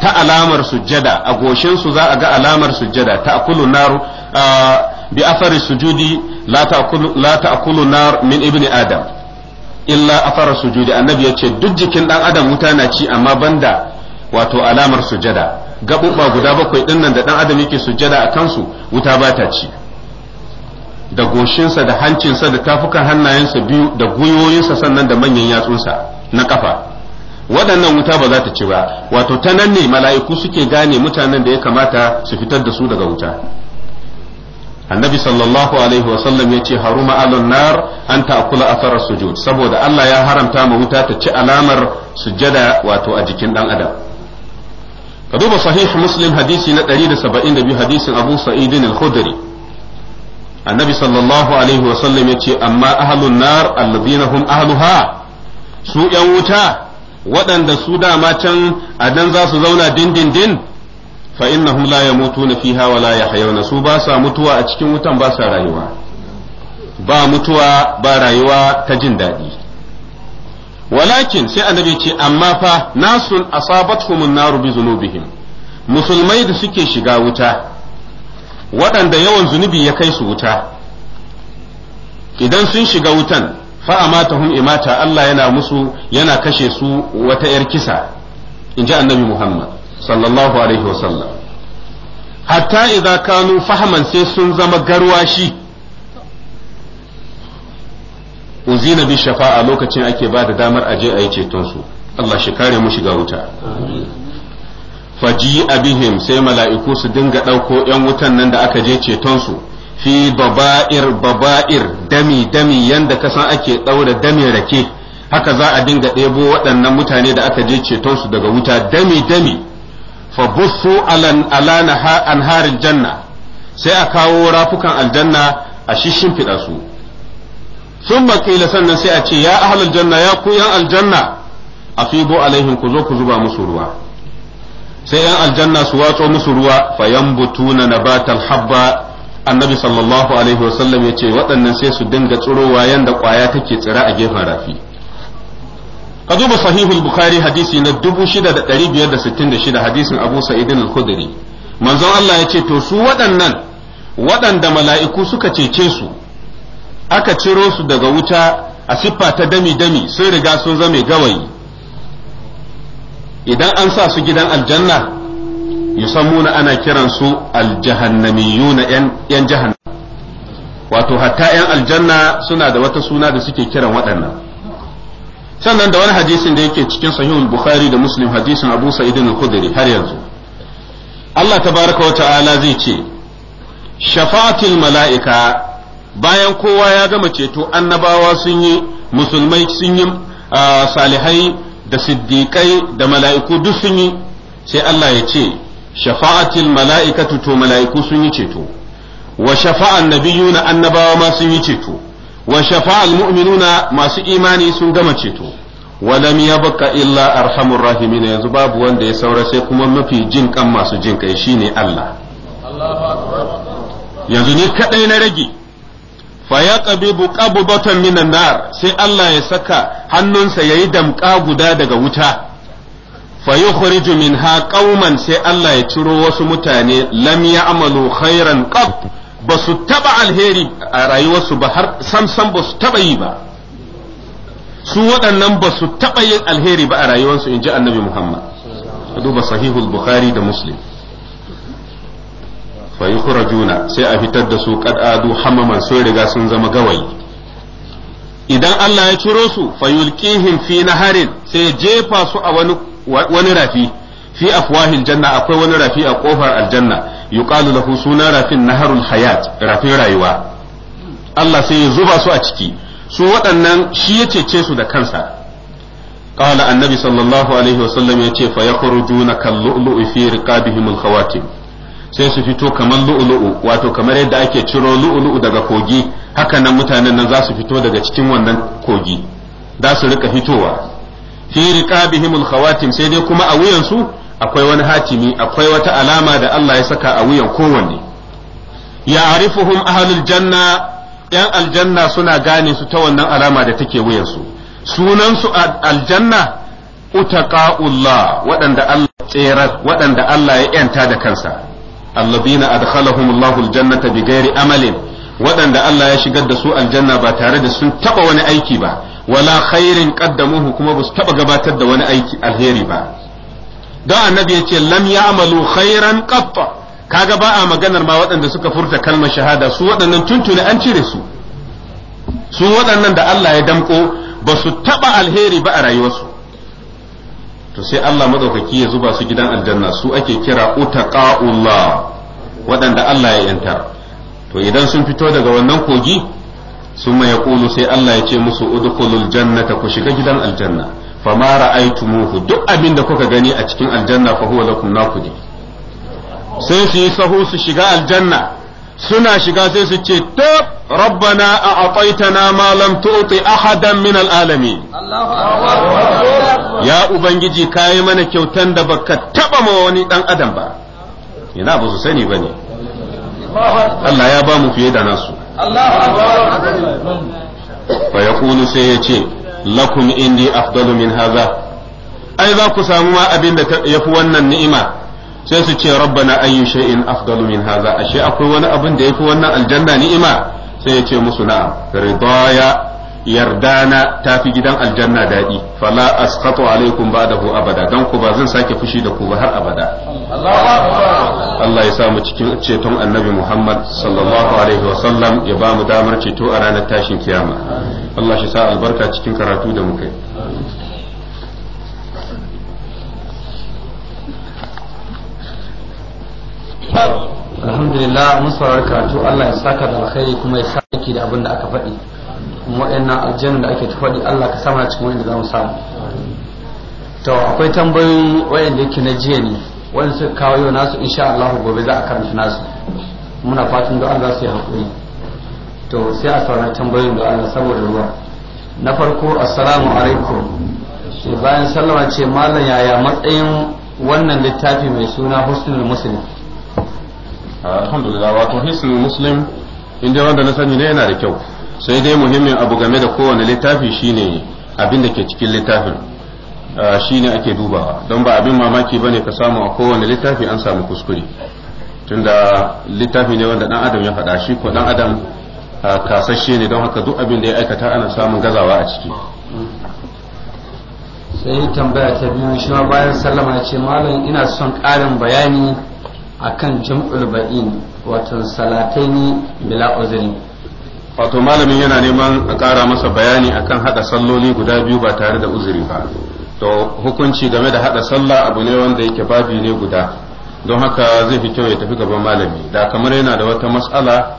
S1: ta alamar sujjada a goshin su za a ga alamar sujjada ta akulu nar bi athari sujudi la akulu nar min ibni adam illa athara sujudi annabi yace duk jikin dan adam wuta na ci amma banda wato alamar sujada ba guda bakwai ɗinnan da dan adam yake sujada a kansu wuta ba ta ci da goshinsa da hancinsa da tafukan hannayensa biyu da gwiwoyinsa sannan da manyan yatsunsa na kafa waɗannan wuta ba za ta ci ba wato ta nan ne mala'iku suke gane mutanen da ya kamata su fitar da su daga wuta annabi sallallahu alaihi wa sallam ya ce haruma alun nar an ta'kula athara sujud saboda Allah ya haramta ma wuta ta ci alamar sujjada wato a jikin dan adam ka duba sahih muslim hadisi na 172 hadisin abu sa'idin al-khudri annabi sallallahu alaihi wasallam yace amma ahlun nar alladhina hum ahluha su yan wuta waɗanda su da can a dan za su zauna dindindin fa innahum la yamutuna fiha wa la yahyawna su ba sa mutuwa a cikin wutan ba sa rayuwa ba mutuwa ba rayuwa ta jin daɗi walakin sai annabi ce amma fa nasun asabatuhumun naru bi zunubihim musulmai da suke shiga wuta waɗanda yawan zunubi ya kai su wuta idan sun shiga wutan hum imata Allah yana musu yana kashe su wata ‘yar kisa in ji annabi Muhammad sallallahu alaihi wasallam hatta idza kanu fahaman sai sun zama garwashi uzina bi shafa'a lokacin ake ba da damar aje a yi cetonsu Allah shi kare mu shiga wuta faji abihim sai mala'iku su dinga ɗauko ‘yan wutan nan da aka je cetonsu fi baba'ir baba'ir dami dami yanda ka san ake ɗaura dami rake haka za a dinga ɗebo waɗannan mutane da aka je cetonsu daga wuta dami dami fa bussu ala anharin janna sai a kawo rafukan aljanna a shishin su sun sannan sai a ce ya ahlul janna ya ku yan aljanna a fibo alaihim ku zo ku zuba musu ruwa sai yan aljanna su watso musu ruwa fayambutuna nabatal habba annabi sallallahu alaihi wasallam ya ce waɗannan sai su dinga tsirowa yanda kwaya take tsira a gefen rafi ka duba sahihul bukhari hadisi na 6566 hadisin abu sa'idin al-khudri manzon Allah ya ce to su waɗannan waɗanda mala'iku suka cece su aka ciro su daga wuta a siffa ta dami dami sun riga sun zame gawayi idan an sa su gidan aljanna yusammuna ana kiran su aljahannamiyuna yan jahannam wato hatta yan aljanna suna da wata suna da suke kiran waɗannan sannan da wani hadisin da yake cikin sahihul bukhari da muslim hadisin abu sa'id al-khudri har yanzu Allah tabaraka wa ta'ala zai ce shafa'atul mala'ika bayan kowa ya gama ceto annabawa sun yi musulmai sun yi ah, salihai da siddiƙai da mala'iku duk sun yi sai Allah ya ce shafa'atil mala'ikatu to mala'iku sun yi ceto wa shafa'an nabiyuna annabawa ma sun yi ceto wa shafa'al mu'minuna masu imani sun gama ceto wa lam yabqa illa arhamur rahimin yanzu babu wanda ya saura sai kuma mafi jin kan masu jin kai shine Allah yanzu ni kadai na rage fa ya qabidu qabdatan minan nar sai Allah ya saka hannunsa yayi damƙa guda daga wuta fa yukhriju minha qauman sai Allah ya ciro wasu mutane lamya amalu. khairan qat ba su taba alheri a rayuwarsu ba har samsam ba su taba yi ba su waɗannan ba su taba yin alheri ba a rayuwarsu inji annabi Muhammad duba sahihul bukhari da muslim fa juna sai a fitar da su qad adu hamaman sun riga sun zama gawayi idan Allah ya ciro su fa yulqihim fi naharin sai ya jefa su a wani wani rafi fi afwahil janna akwai wani rafi a kofar aljanna yuqalu lahu suna rafin naharul hayat rafin rayuwa Allah sai ya zuba su a ciki su waɗannan shi ya cece su da kansa قال النبي صلى الله عليه وسلم يتي فيخرجون كاللؤلؤ في رقابهم الخواتم sai su fito kamar lu'ulu'u wato kamar yadda ake ciro lu'ulu'u daga kogi haka nan mutanen nan za su fito daga cikin wannan kogi za su rika fitowa fi riqabihimul khawatim sai dai kuma a wuyansu akwai wani hatimi akwai wata alama da Allah ya saka a wuyan kowanne ya arifuhum ahlul janna yan aljanna suna gane su ta wannan alama da take wuyansu sunan su aljanna utaqaullah waɗanda Allah tserar waɗanda Allah ya yanta da kansa alladhina adkhalahum Allahu aljannata bighairi amalin waɗanda Allah ya shigar da su aljanna ba tare da sun taba wani aiki ba wala khairin qaddamuhu kuma basu su taba gabatar da wani aiki alheri ba Da annabi ya ce lam ya'malu khairan qatta kaga ba a maganar ma waɗanda suka furta kalmar shahada su waɗannan tuntuni an cire su su waɗannan da Allah ya damko basu taɓa alheri ba a rayuwarsu to sai Allah madaukaki ya zuba su gidan aljanna su ake kira utaqaullah waɗanda Allah ya yanta to idan sun fito daga wannan kogi sun ya kulu sai Allah ya ce musu udkhulul jannata ku shiga gidan aljanna fama ra'aytumuhu duk abin da kuka gani a cikin aljanna fa huwa lakum nakudi sai su yi sahu su shiga aljanna suna shiga sai su ce tab rabbana a'taytana ma lam tu'ti ahadan min al'alamin
S2: Allahu akbar
S1: ya ubangiji ka mana kyautan da baka taba ma wani dan adam ba ina ba su sani ne. Allah ya ba mu fiye da nasu fa kunu sai ya ce lakum indi afdalu min hadha ai za ku samu ma abin da yafi wannan ni'ima sai su ce rabbana ayyu shay'in afdalu min hadha ashe akwai wani abin da fi wannan aljanna ni'ima sai ya ce musu na'am ridaya yardana ta fi gidan aljanna daɗi fala asqatu alaikum ba'dahu abada dan ku ba zan sake fushi da ku ba har abada Allah ya samu cikin ceton annabi Muhammad sallallahu alaihi sallam ya ba mu damar ceto a ranar tashin kiyama Allah shi sa albarka cikin karatu da muka yi
S4: alhamdulillah mun karatu Allah ya saka da alkhairi kuma ya saki da abin da aka faɗi wa'annan aljanna da ake tafaɗi Allah ka sama cikin wa'anda za mu samu to akwai tambayoyi wa'anda yake na jiya ne wa'anda suka kawo yau nasu insha Allah gobe za a karanta nasu muna fatan da Allah su yi haƙuri to sai a saurari tambayoyin da Allah saboda ruwa na farko assalamu alaikum bayan sallama ce malam yaya matsayin wannan littafi mai suna husnul muslim
S1: alhamdulillah wato husnul muslim inda wanda na sani ne yana da kyau sai dai muhimmin abu game da kowane littafi shine abin da ke cikin littafin shine ake dubawa don ba abin mamaki bane ka samu a kowane littafi an samu kuskure tunda littafi ne wanda dan adam ya faɗa shi ko dan adam kasashe ne don haka duk abin da ya aikata
S4: ana samun gazawa a ciki sai tambaya ta biyu shi ma bayan sallama ya ce malam ina son ƙarin bayani akan jam'ul ba'in wato salatai bila uzuri wato malamin yana neman a ƙara
S1: masa bayani akan haɗa salloli guda biyu ba tare da uzuri ba to hukunci game da haɗa sallah abu ne wanda yake babi ne guda don haka zai fi kyau ya tafi gaban malami da kamar yana da wata matsala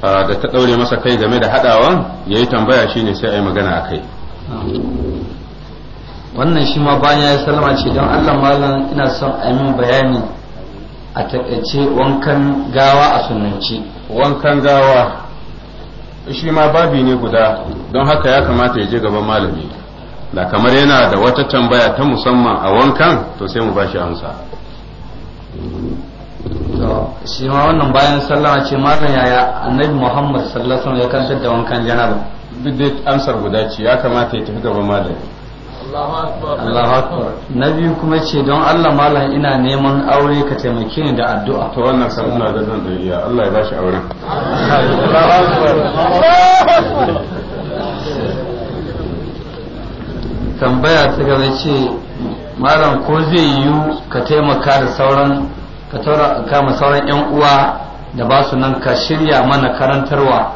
S1: da ta ɗaure masa kai game da haɗawan ya yi tambaya shine sai a magana a kai
S4: wannan shi ma bayan ya sallama ce don allah malam ina son a min bayani a taƙaice wankan gawa a sunanci wankan gawa shi ma babi ne guda
S1: don haka ya kamata ya je gaban malami da kamar yana da wata tambaya ta musamman a wankan to sai mu bashi amsa
S4: shi ma wannan bayan sallah ce malam yaya annabi muhammad sallallahu alaihi wasallam ya kantar da wankan janaba duk amsar guda ce ya kamata ya tafi gaban malami Allah akbar na biyu kuma ce don Allah malam ina neman aure ka taimake ni da addu'a to wannan kan da zan da iya Allah ya bashi auren tambaya ta gaba ce malam ko zai yiwu ka taimaka da sauran ka kama sauran yan uwa da ba su nan ka shirya mana karantarwa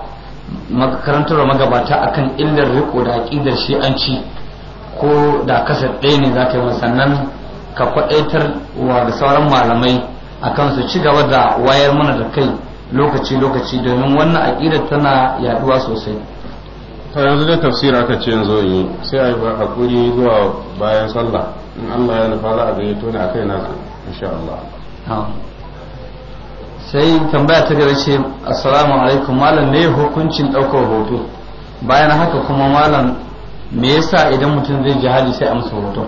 S4: karantarwa magabata akan illar riko da aƙidar shi'anci ko da kasa ɗaya ne za ka yi sannan ka kwaɗaitar wa da sauran malamai kan su ci gaba da wayar mana da kai lokaci-lokaci domin wannan aƙidar tana yaduwa sosai ta
S1: yanzu dai tafsir aka ce yanzu yi sai a yi hakuri zuwa bayan sallah in Allah
S4: ya nufa za a gani ne a kai nasu insha Allah sai tambaya ta gaba ce assalamu alaikum malam ne hukuncin ɗaukar hoto bayan haka kuma malam me yasa idan mutum zai jihadi sai amsa masa hoton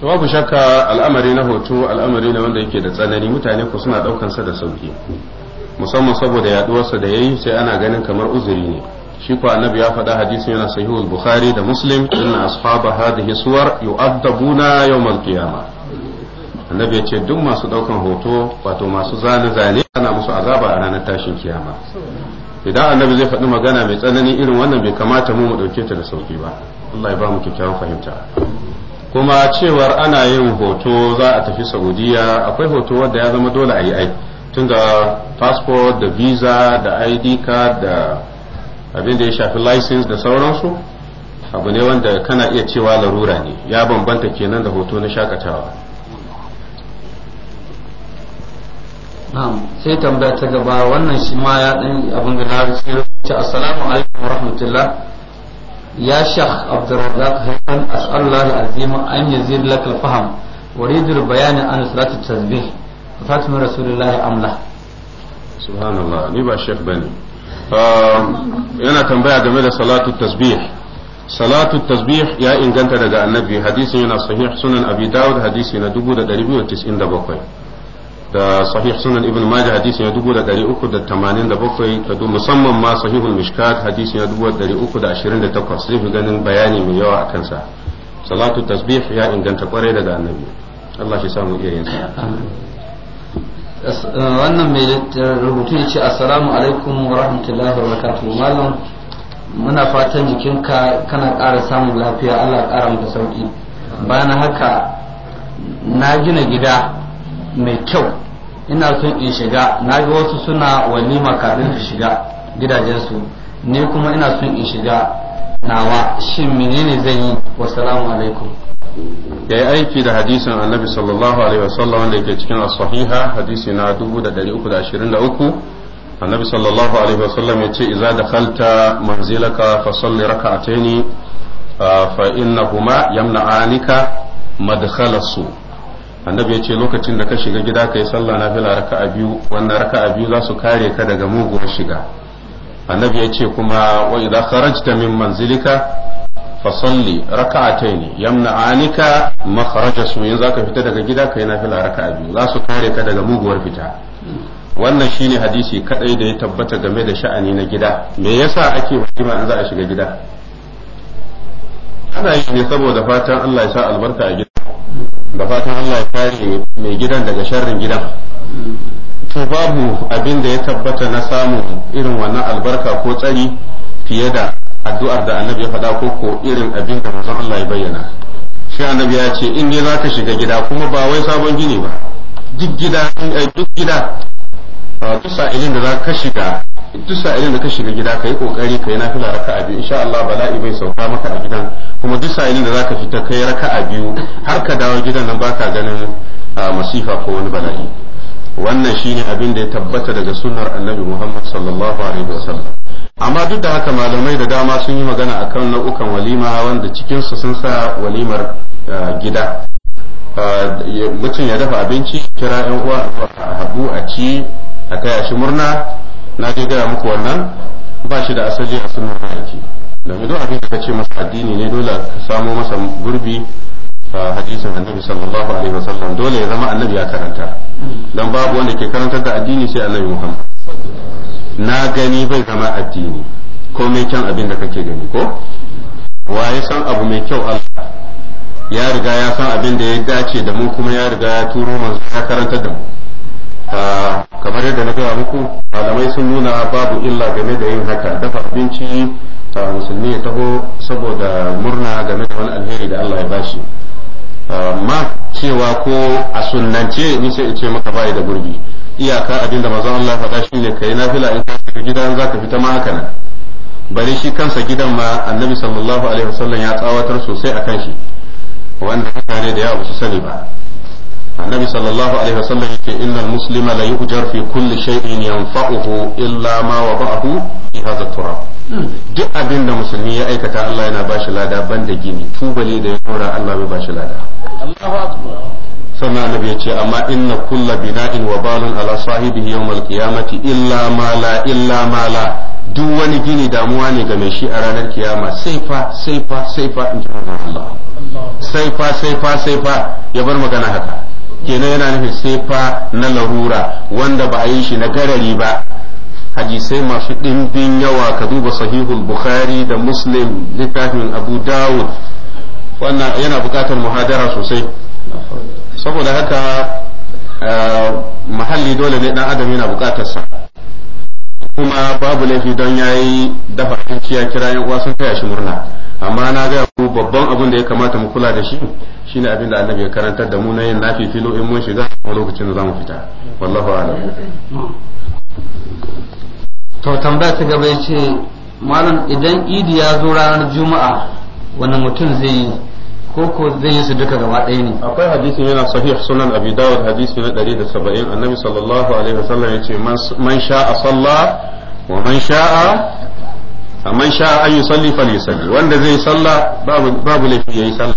S4: to
S1: babu shakka al'amari na hoto al'amari ne wanda yake da tsanani mutane ku suna daukan sa da sauki musamman saboda yaduwarsa da yayi sai ana ganin kamar uzuri ne shi ko annabi ya faɗa hadisin yana sahihul bukhari da muslim inna ashabu hadhihi suwar yu'addabuna yawmal qiyamah annabi ya ce duk masu daukan hoto wato masu zane zane ana musu azaba a ranar tashin kiyama idan annabi zai faɗi magana mai tsanani irin wannan bai kamata mu mu ɗauke ta da sauki ba Allah ya ba mu kyakkyawan fahimta kuma cewar ana yin hoto za a tafi saudiya akwai hoto wanda ya zama dole a yi ai tun da passport da visa da id card da abin da ya shafi license da sauransu abu ne wanda kana iya cewa larura ne ya bambanta kenan da hoto na
S4: shakatawa na'am sai tambaya ta gaba wannan shi ma ya dan abin da na rufe ce assalamu alaikum wa rahmatullah ya shekh abdurrazzaq hayyan as'allahu alazim an yazid lak alfaham uridu albayan an salat at-tasbih fatima rasulullah amla subhanallah ni ba shekh bane um, yana tambaya game da salatu
S1: tasbih salatu tasbih ya inganta daga annabi hadisi yana sahih sunan abi dawud hadisi na 2297 da sahih sunan ibn majah hadisi ya 387 da musamman ma sahihul mishkat hadisi da 328 zai fi ganin bayani mai yawa a kansa salatu tasbih ya inganta kwarai daga annabi Allah shi samu iya yin sa
S4: wannan mai rubutu ya ce assalamu alaikum wa rahmatullahi wa barakatuhu malam muna fatan jikinka kana ƙara samun lafiya Allah ƙara mata sauki bayan haka na gina gida mai kyau ina son in shiga na ga wasu suna walima kafin su shiga gidajensu ne kuma ina son in shiga nawa shin menene zan yi wasalamu alaikum ya yi aiki da
S1: hadisin annabi sallallahu alaihi wasallam wanda yake cikin as-sahiha hadisi na 1323 annabi sallallahu alaihi wasallam yace idza dakhalta manzilaka fa salli rak'ataini fa innahuma yamna'anika madkhalas su annabi ya ce lokacin da ka shiga gida ka yi sallah na fila raka a biyu wannan raka a biyu za su kare ka daga muguwar shiga annabi ya ce kuma wa idza kharajta min manzilika fa salli raka'atayn yamna'anika makhraja su yanzu zaka fita daga gida ka yi raka a biyu za su kare ka daga muguwar fita wannan shine hadisi kadai da ya tabbata game da sha'ani na gida me yasa ake wajiba in za a shiga gida ana yi ne saboda fatan Allah ya sa albarka a gida da fatan Allah ya kare mai gidan daga sharrin gidan to babu abin da ya tabbata na samu irin wannan albarka ko tsari fiye da addu'ar da annabi ya faɗa ko irin abin da manzon Allah ya bayyana shi annabi ya ce in dai zaka shiga gida kuma ba wai sabon gini ba duk gida eh, duk gida duk sa'ilin da zaka shiga duk sa'ilin da ka shiga gida ka yi kokari ka yi nafila raka'a biyu insha Allah bala'i bai sauka maka a gidan kuma duk sa'ilin da ka fita kai raka'a biyu har ka dawo gidan nan baka ganin masifa ko wani bala'i wannan shine abin da ya tabbata daga sunnar annabi Muhammad sallallahu alaihi wasallam amma duk da haka malamai da dama sun yi magana akan nau'ukan walima wanda cikinsu sun sa walimar gida mutum ya dafa abinci kira yan uwa a haɗu a ci a kaya shi murna na je gaya muku wannan ba shi da asali a sunan aiki. domin duk abin da ka ce masa addini ne dole ka samo masa gurbi a hadisin annabi sallallahu alaihi wasallam dole ya zama annabi ya karanta dan babu wanda ke karantar da addini sai annabi muhammad na gani bai zama addini ko mai kyan abin da kake gani ko wa ya san abu mai kyau Allah ya riga ya san abin da ya dace da mu kuma ya riga ya turo manzo ya karantar da mu Ah, kamar yadda na gaya muku malamai sun nuna babu illa game da yin haka dafa abinci ah, musulmi ya taho saboda murna game da wani alheri da Allah ya bashi ma cewa ko a sunnance ni sai ce maka bai da gurbi iyaka abin da manzon Allah faɗa shi ne kai nafila in ka shiga gidan zaka fita ma haka nan bari shi kansa gidan ma annabi sallallahu alaihi wasallam ya tsawatar sosai akan shi wanda mutane da yawa ba su sani ba annabi sallallahu alaihi wasallam yake innal muslima la yuhjar fi kulli shay'in yanfa'uhu illa ma wada'ahu fi hadha turab duk abin da musulmi ya aikata Allah yana bashi lada da gini tubali da ya dora Allah bai bashi lada sannan annabi ya ce amma inna kulla bina'in wa balun ala sahibi yawmal qiyamati illa ma la illa ma la duk wani gini damuwa ne ga mai shi a ranar kiyama sai fa sai fa sai fa in ji Allah sai fa sai fa sai fa ya bar magana haka kenan yana nufin sefa na larura wanda ba a yi shi na garari ba hadisai masu ɗimbin yawa ka duba sahihul bukhari da muslim littafin abu dawud wannan yana buƙatar muhadara sosai saboda haka eh, mahalli dole ne ɗan adam yana sa. kuma babu laifi don yayi dafa ya kira yan uwa sun taya shi murna amma na ga ku babban abin da ya kamata mu kula da shi shine abin da annabi ya karanta da mu na yin nafi filo in mun shiga a lokacin da zamu fita wallahu a'lam
S4: to tambaya ta gaba ce malam idan idi ya zo ranar juma'a wani mutum zai yi ko ko zai yi su duka gaba ɗaya ne akwai
S1: hadisi yana sahih sunan abi dawud hadisi na 170 annabi sallallahu alaihi wasallam yace man sha'a sallah wa man sha'a amman sha an yi salli fal yusalli wanda zai salla babu laifi yayi salla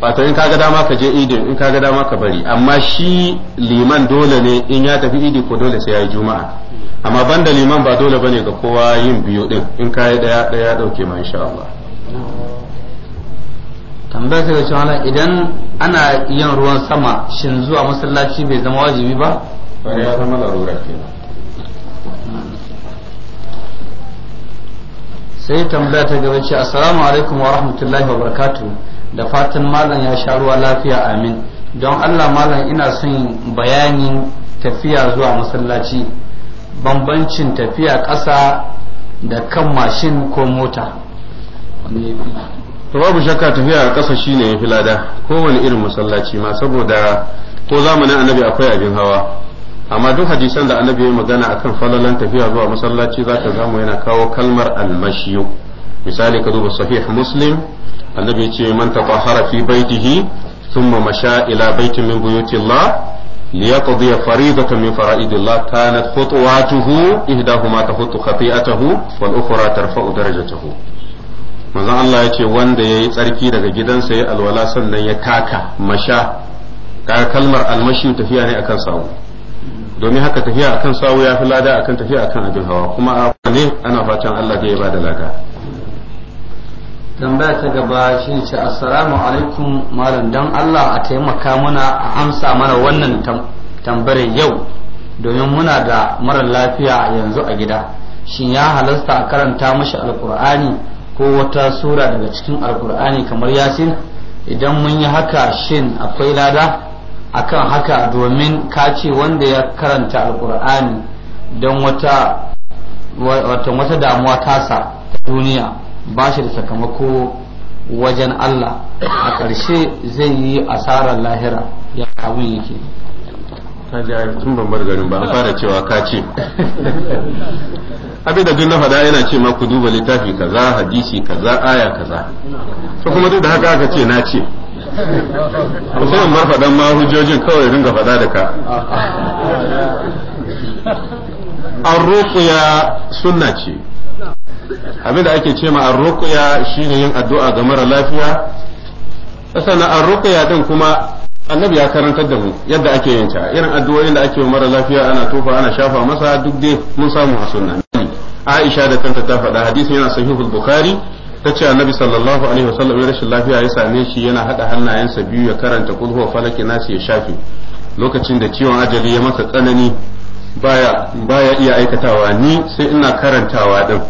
S1: wato in kaga dama ka je idi in kaga dama ka bari amma shi liman dole ne in ya tafi idi ko dole sai yayi juma'a amma banda liman ba dole bane ga kowa yin biyu din in kai daya daya dauke ma insha
S4: Allah tambaya ta cewa idan ana yin ruwan sama shin zuwa masallaci bai zama wajibi ba ya zama larura
S2: kenan
S4: sai tambaya ta gaba ce assalamu alaikum wa rahmatullahi wa barakatuh da fatan malam ya sha ruwa lafiya amin don Allah malam ina son bayanin tafiya zuwa masallaci bambancin tafiya ƙasa da kan mashin ko mota
S1: babu shakka tafiya a ƙasa shine yafi lada kowane irin masallaci ma saboda ko zamanin annabi akwai abin hawa amma duk hadisan da annabi ya magana akan falalan tafiya zuwa masallaci za zaka zamu yana kawo kalmar almashiyu misali ka duba sahih muslim annabi ya ce man tatahhara fi baitihi thumma masha ila baitin min buyutillah ليقضي فريضة من فرائض الله كانت خطواته إحداهما تخط خطيئته والأخرى ترفع درجته manzon Allah ya ce wanda ya yi tsarki daga gidansa ya alwala sannan ya taka masha kaga kalmar almashi tafiya ne akan sawu domin haka tafiya akan sawu ya fi lada akan tafiya akan abin hawa kuma a ne ana fatan Allah zai ba da lada
S4: tambaya ta gaba shi ce assalamu alaikum malam don Allah a taimaka mana a amsa mana wannan tambayar yau domin muna da mara lafiya yanzu a gida shin ya halasta a karanta mashi alkur'ani ko wata sura daga cikin alkur'ani kamar yasin idan mun yi haka shin akwai lada akan haka domin ka ce wanda ya karanta alkur'ani don wata wata damuwa tasa ta duniya ba shi da sakamako wajen Allah a ƙarshe zai yi asarar lahira ya abin yake tun ban bar garin ba a fara
S1: cewa ka ce abin da duk na faɗa yana ce ma ku duba littafi kaza hadisi kaza aya kaza kuma duk da haka aka ce na ce musamman bar faɗan ma hujjojin kawai ringa faɗa da ka arruƙuya sunna ce abin da ake ce ma shi shine yin addu'a ga mara lafiya sannan arruƙuya din kuma annabi ya karantar da mu yadda ake yin ta irin addu'o'in da ake mara lafiya ana tofa ana shafa masa duk dai mun samu a sunna Aisha da kanta ta faɗa hadisin yana sahihul Bukhari ta ce annabi sallallahu alaihi wa sallam rashin lafiya ya same shi yana hada hannayensa biyu ya karanta kul huwa falaki nasi ya shafe lokacin da ciwon ajali ya masa tsanani baya baya iya aikatawa ni sai ina karantawa din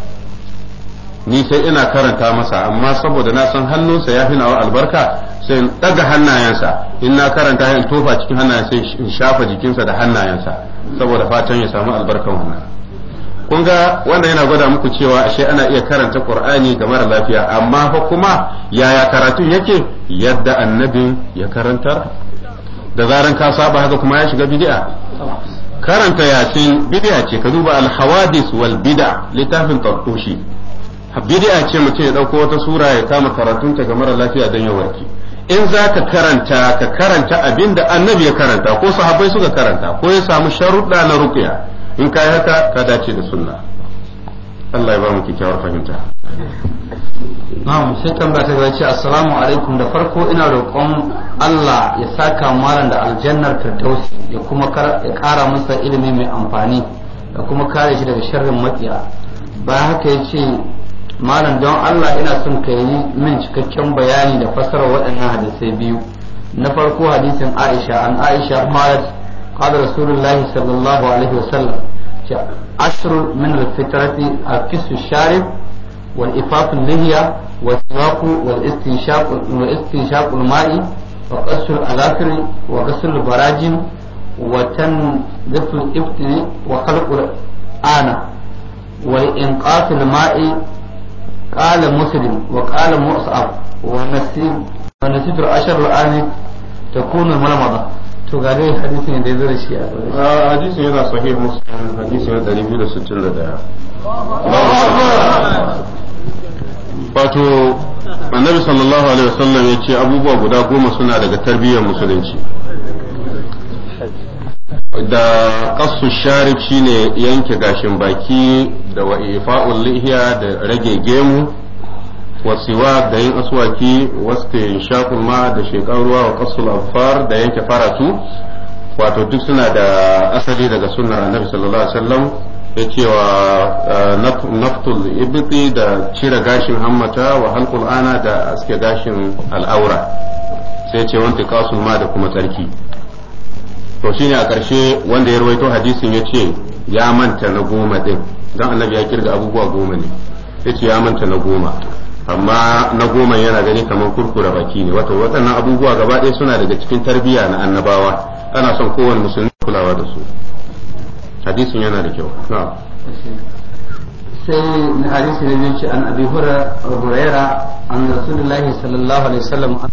S1: ni sai ina karanta masa amma saboda na san hannunsa ya fi nawa albarka sai in daga hannayensa in na karanta in tofa cikin hannayensa in shafa jikinsa da hannayensa saboda fatan ya samu albarkan wannan kun ga wannan yana gwada muku cewa ashe ana iya karanta qur'ani ga mara lafiya amma fa kuma yaya karatun yake yadda annabin ya karantar da zaran ka saba haka kuma ya shiga bid'a karanta yasin bid'a ce ka duba al hawadith wal bid'a littafin tartushi bid'a ce mutum ya dauko wata sura ya kama karatunta ga mara lafiya dan ya warke in za ka karanta ka karanta abinda annabi ya karanta ko sahabbai suka karanta ko ya samu sharuɗa na ruqya in ka yi haka ka dace da sunna Allah ya ba mu kyakkyawar fahimta
S4: na'am sai tambaya ta gaci assalamu alaikum da farko ina roƙon Allah ya saka malam da aljannar firdausi ya kuma ya ƙara masa ilimi mai amfani da kuma kare shi daga sharrin matsiya bayan haka ya ce malam don Allah ina son ka yi min cikakken bayani da fasara waɗannan hadisai biyu na farko hadisin Aisha an Aisha رسول الله صلى sallallahu alaihi وسلم عشر من الفترة الكس الشارب والإفاق اللهية والسواق والاستنشاق والاستنشاق الماء وقص الأظافر وغسل البراجم وتنظف الإبطن وخلق الآن وإنقاص الماء قال مسلم وقال مؤصعب ونسيب ونسيب العشر الآن تكون الملمضة to ga dai hadisin da ya zo da shi a ah, hadisin yana sahih muslim hadisin yana 261
S1: wato annabi sallallahu alaihi wasallam ya ce abubuwa guda goma suna daga tarbiyyar musulunci da kasu sharif shine yanke gashin baki da wa'ifa'ul lihiya da rage gemu wasiwa da yin aswaki waske shakul ma da shekar ruwa wa qasul afar da yanke faratu wato duk suna da asali daga sunnar annabi sallallahu alaihi wasallam ya cewa naftul ibti da cire gashin hammata wa halqul ana da aske gashin al'aura sai ce wanta qasul ma da kuma tsarki to shine a karshe wanda ya rawaito hadisin ya ce ya manta na goma din dan annabi ya kirga abubuwa goma ne ya ce ya manta na goma amma na goma yana gani kamar kurkura baki ne wato waɗannan abubuwa gaba ɗaya suna daga cikin tarbiyya na annabawa ana son kowane musulmi kulawa da su hadisin yana da kyau
S4: sai hadisi ne ce an abi hurairah an rasulullahi sallallahu alaihi wasallam